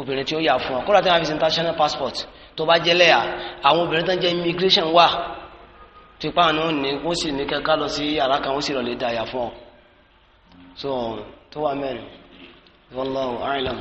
obìnrin tí ó yà fún wọn kọ́dà tí wọ́n fi ṣe international passport tó bá jẹ́ lẹ́yà àwọn obìnrin tó ń jẹ́ immigration wà tí pa àwọn ní kó sì ní kẹ́kẹ́ lọ sí yàrá kan ó sì lọ́lẹ̀ dáyà fún ọ so tó wà mẹ́rin wallahu a'lam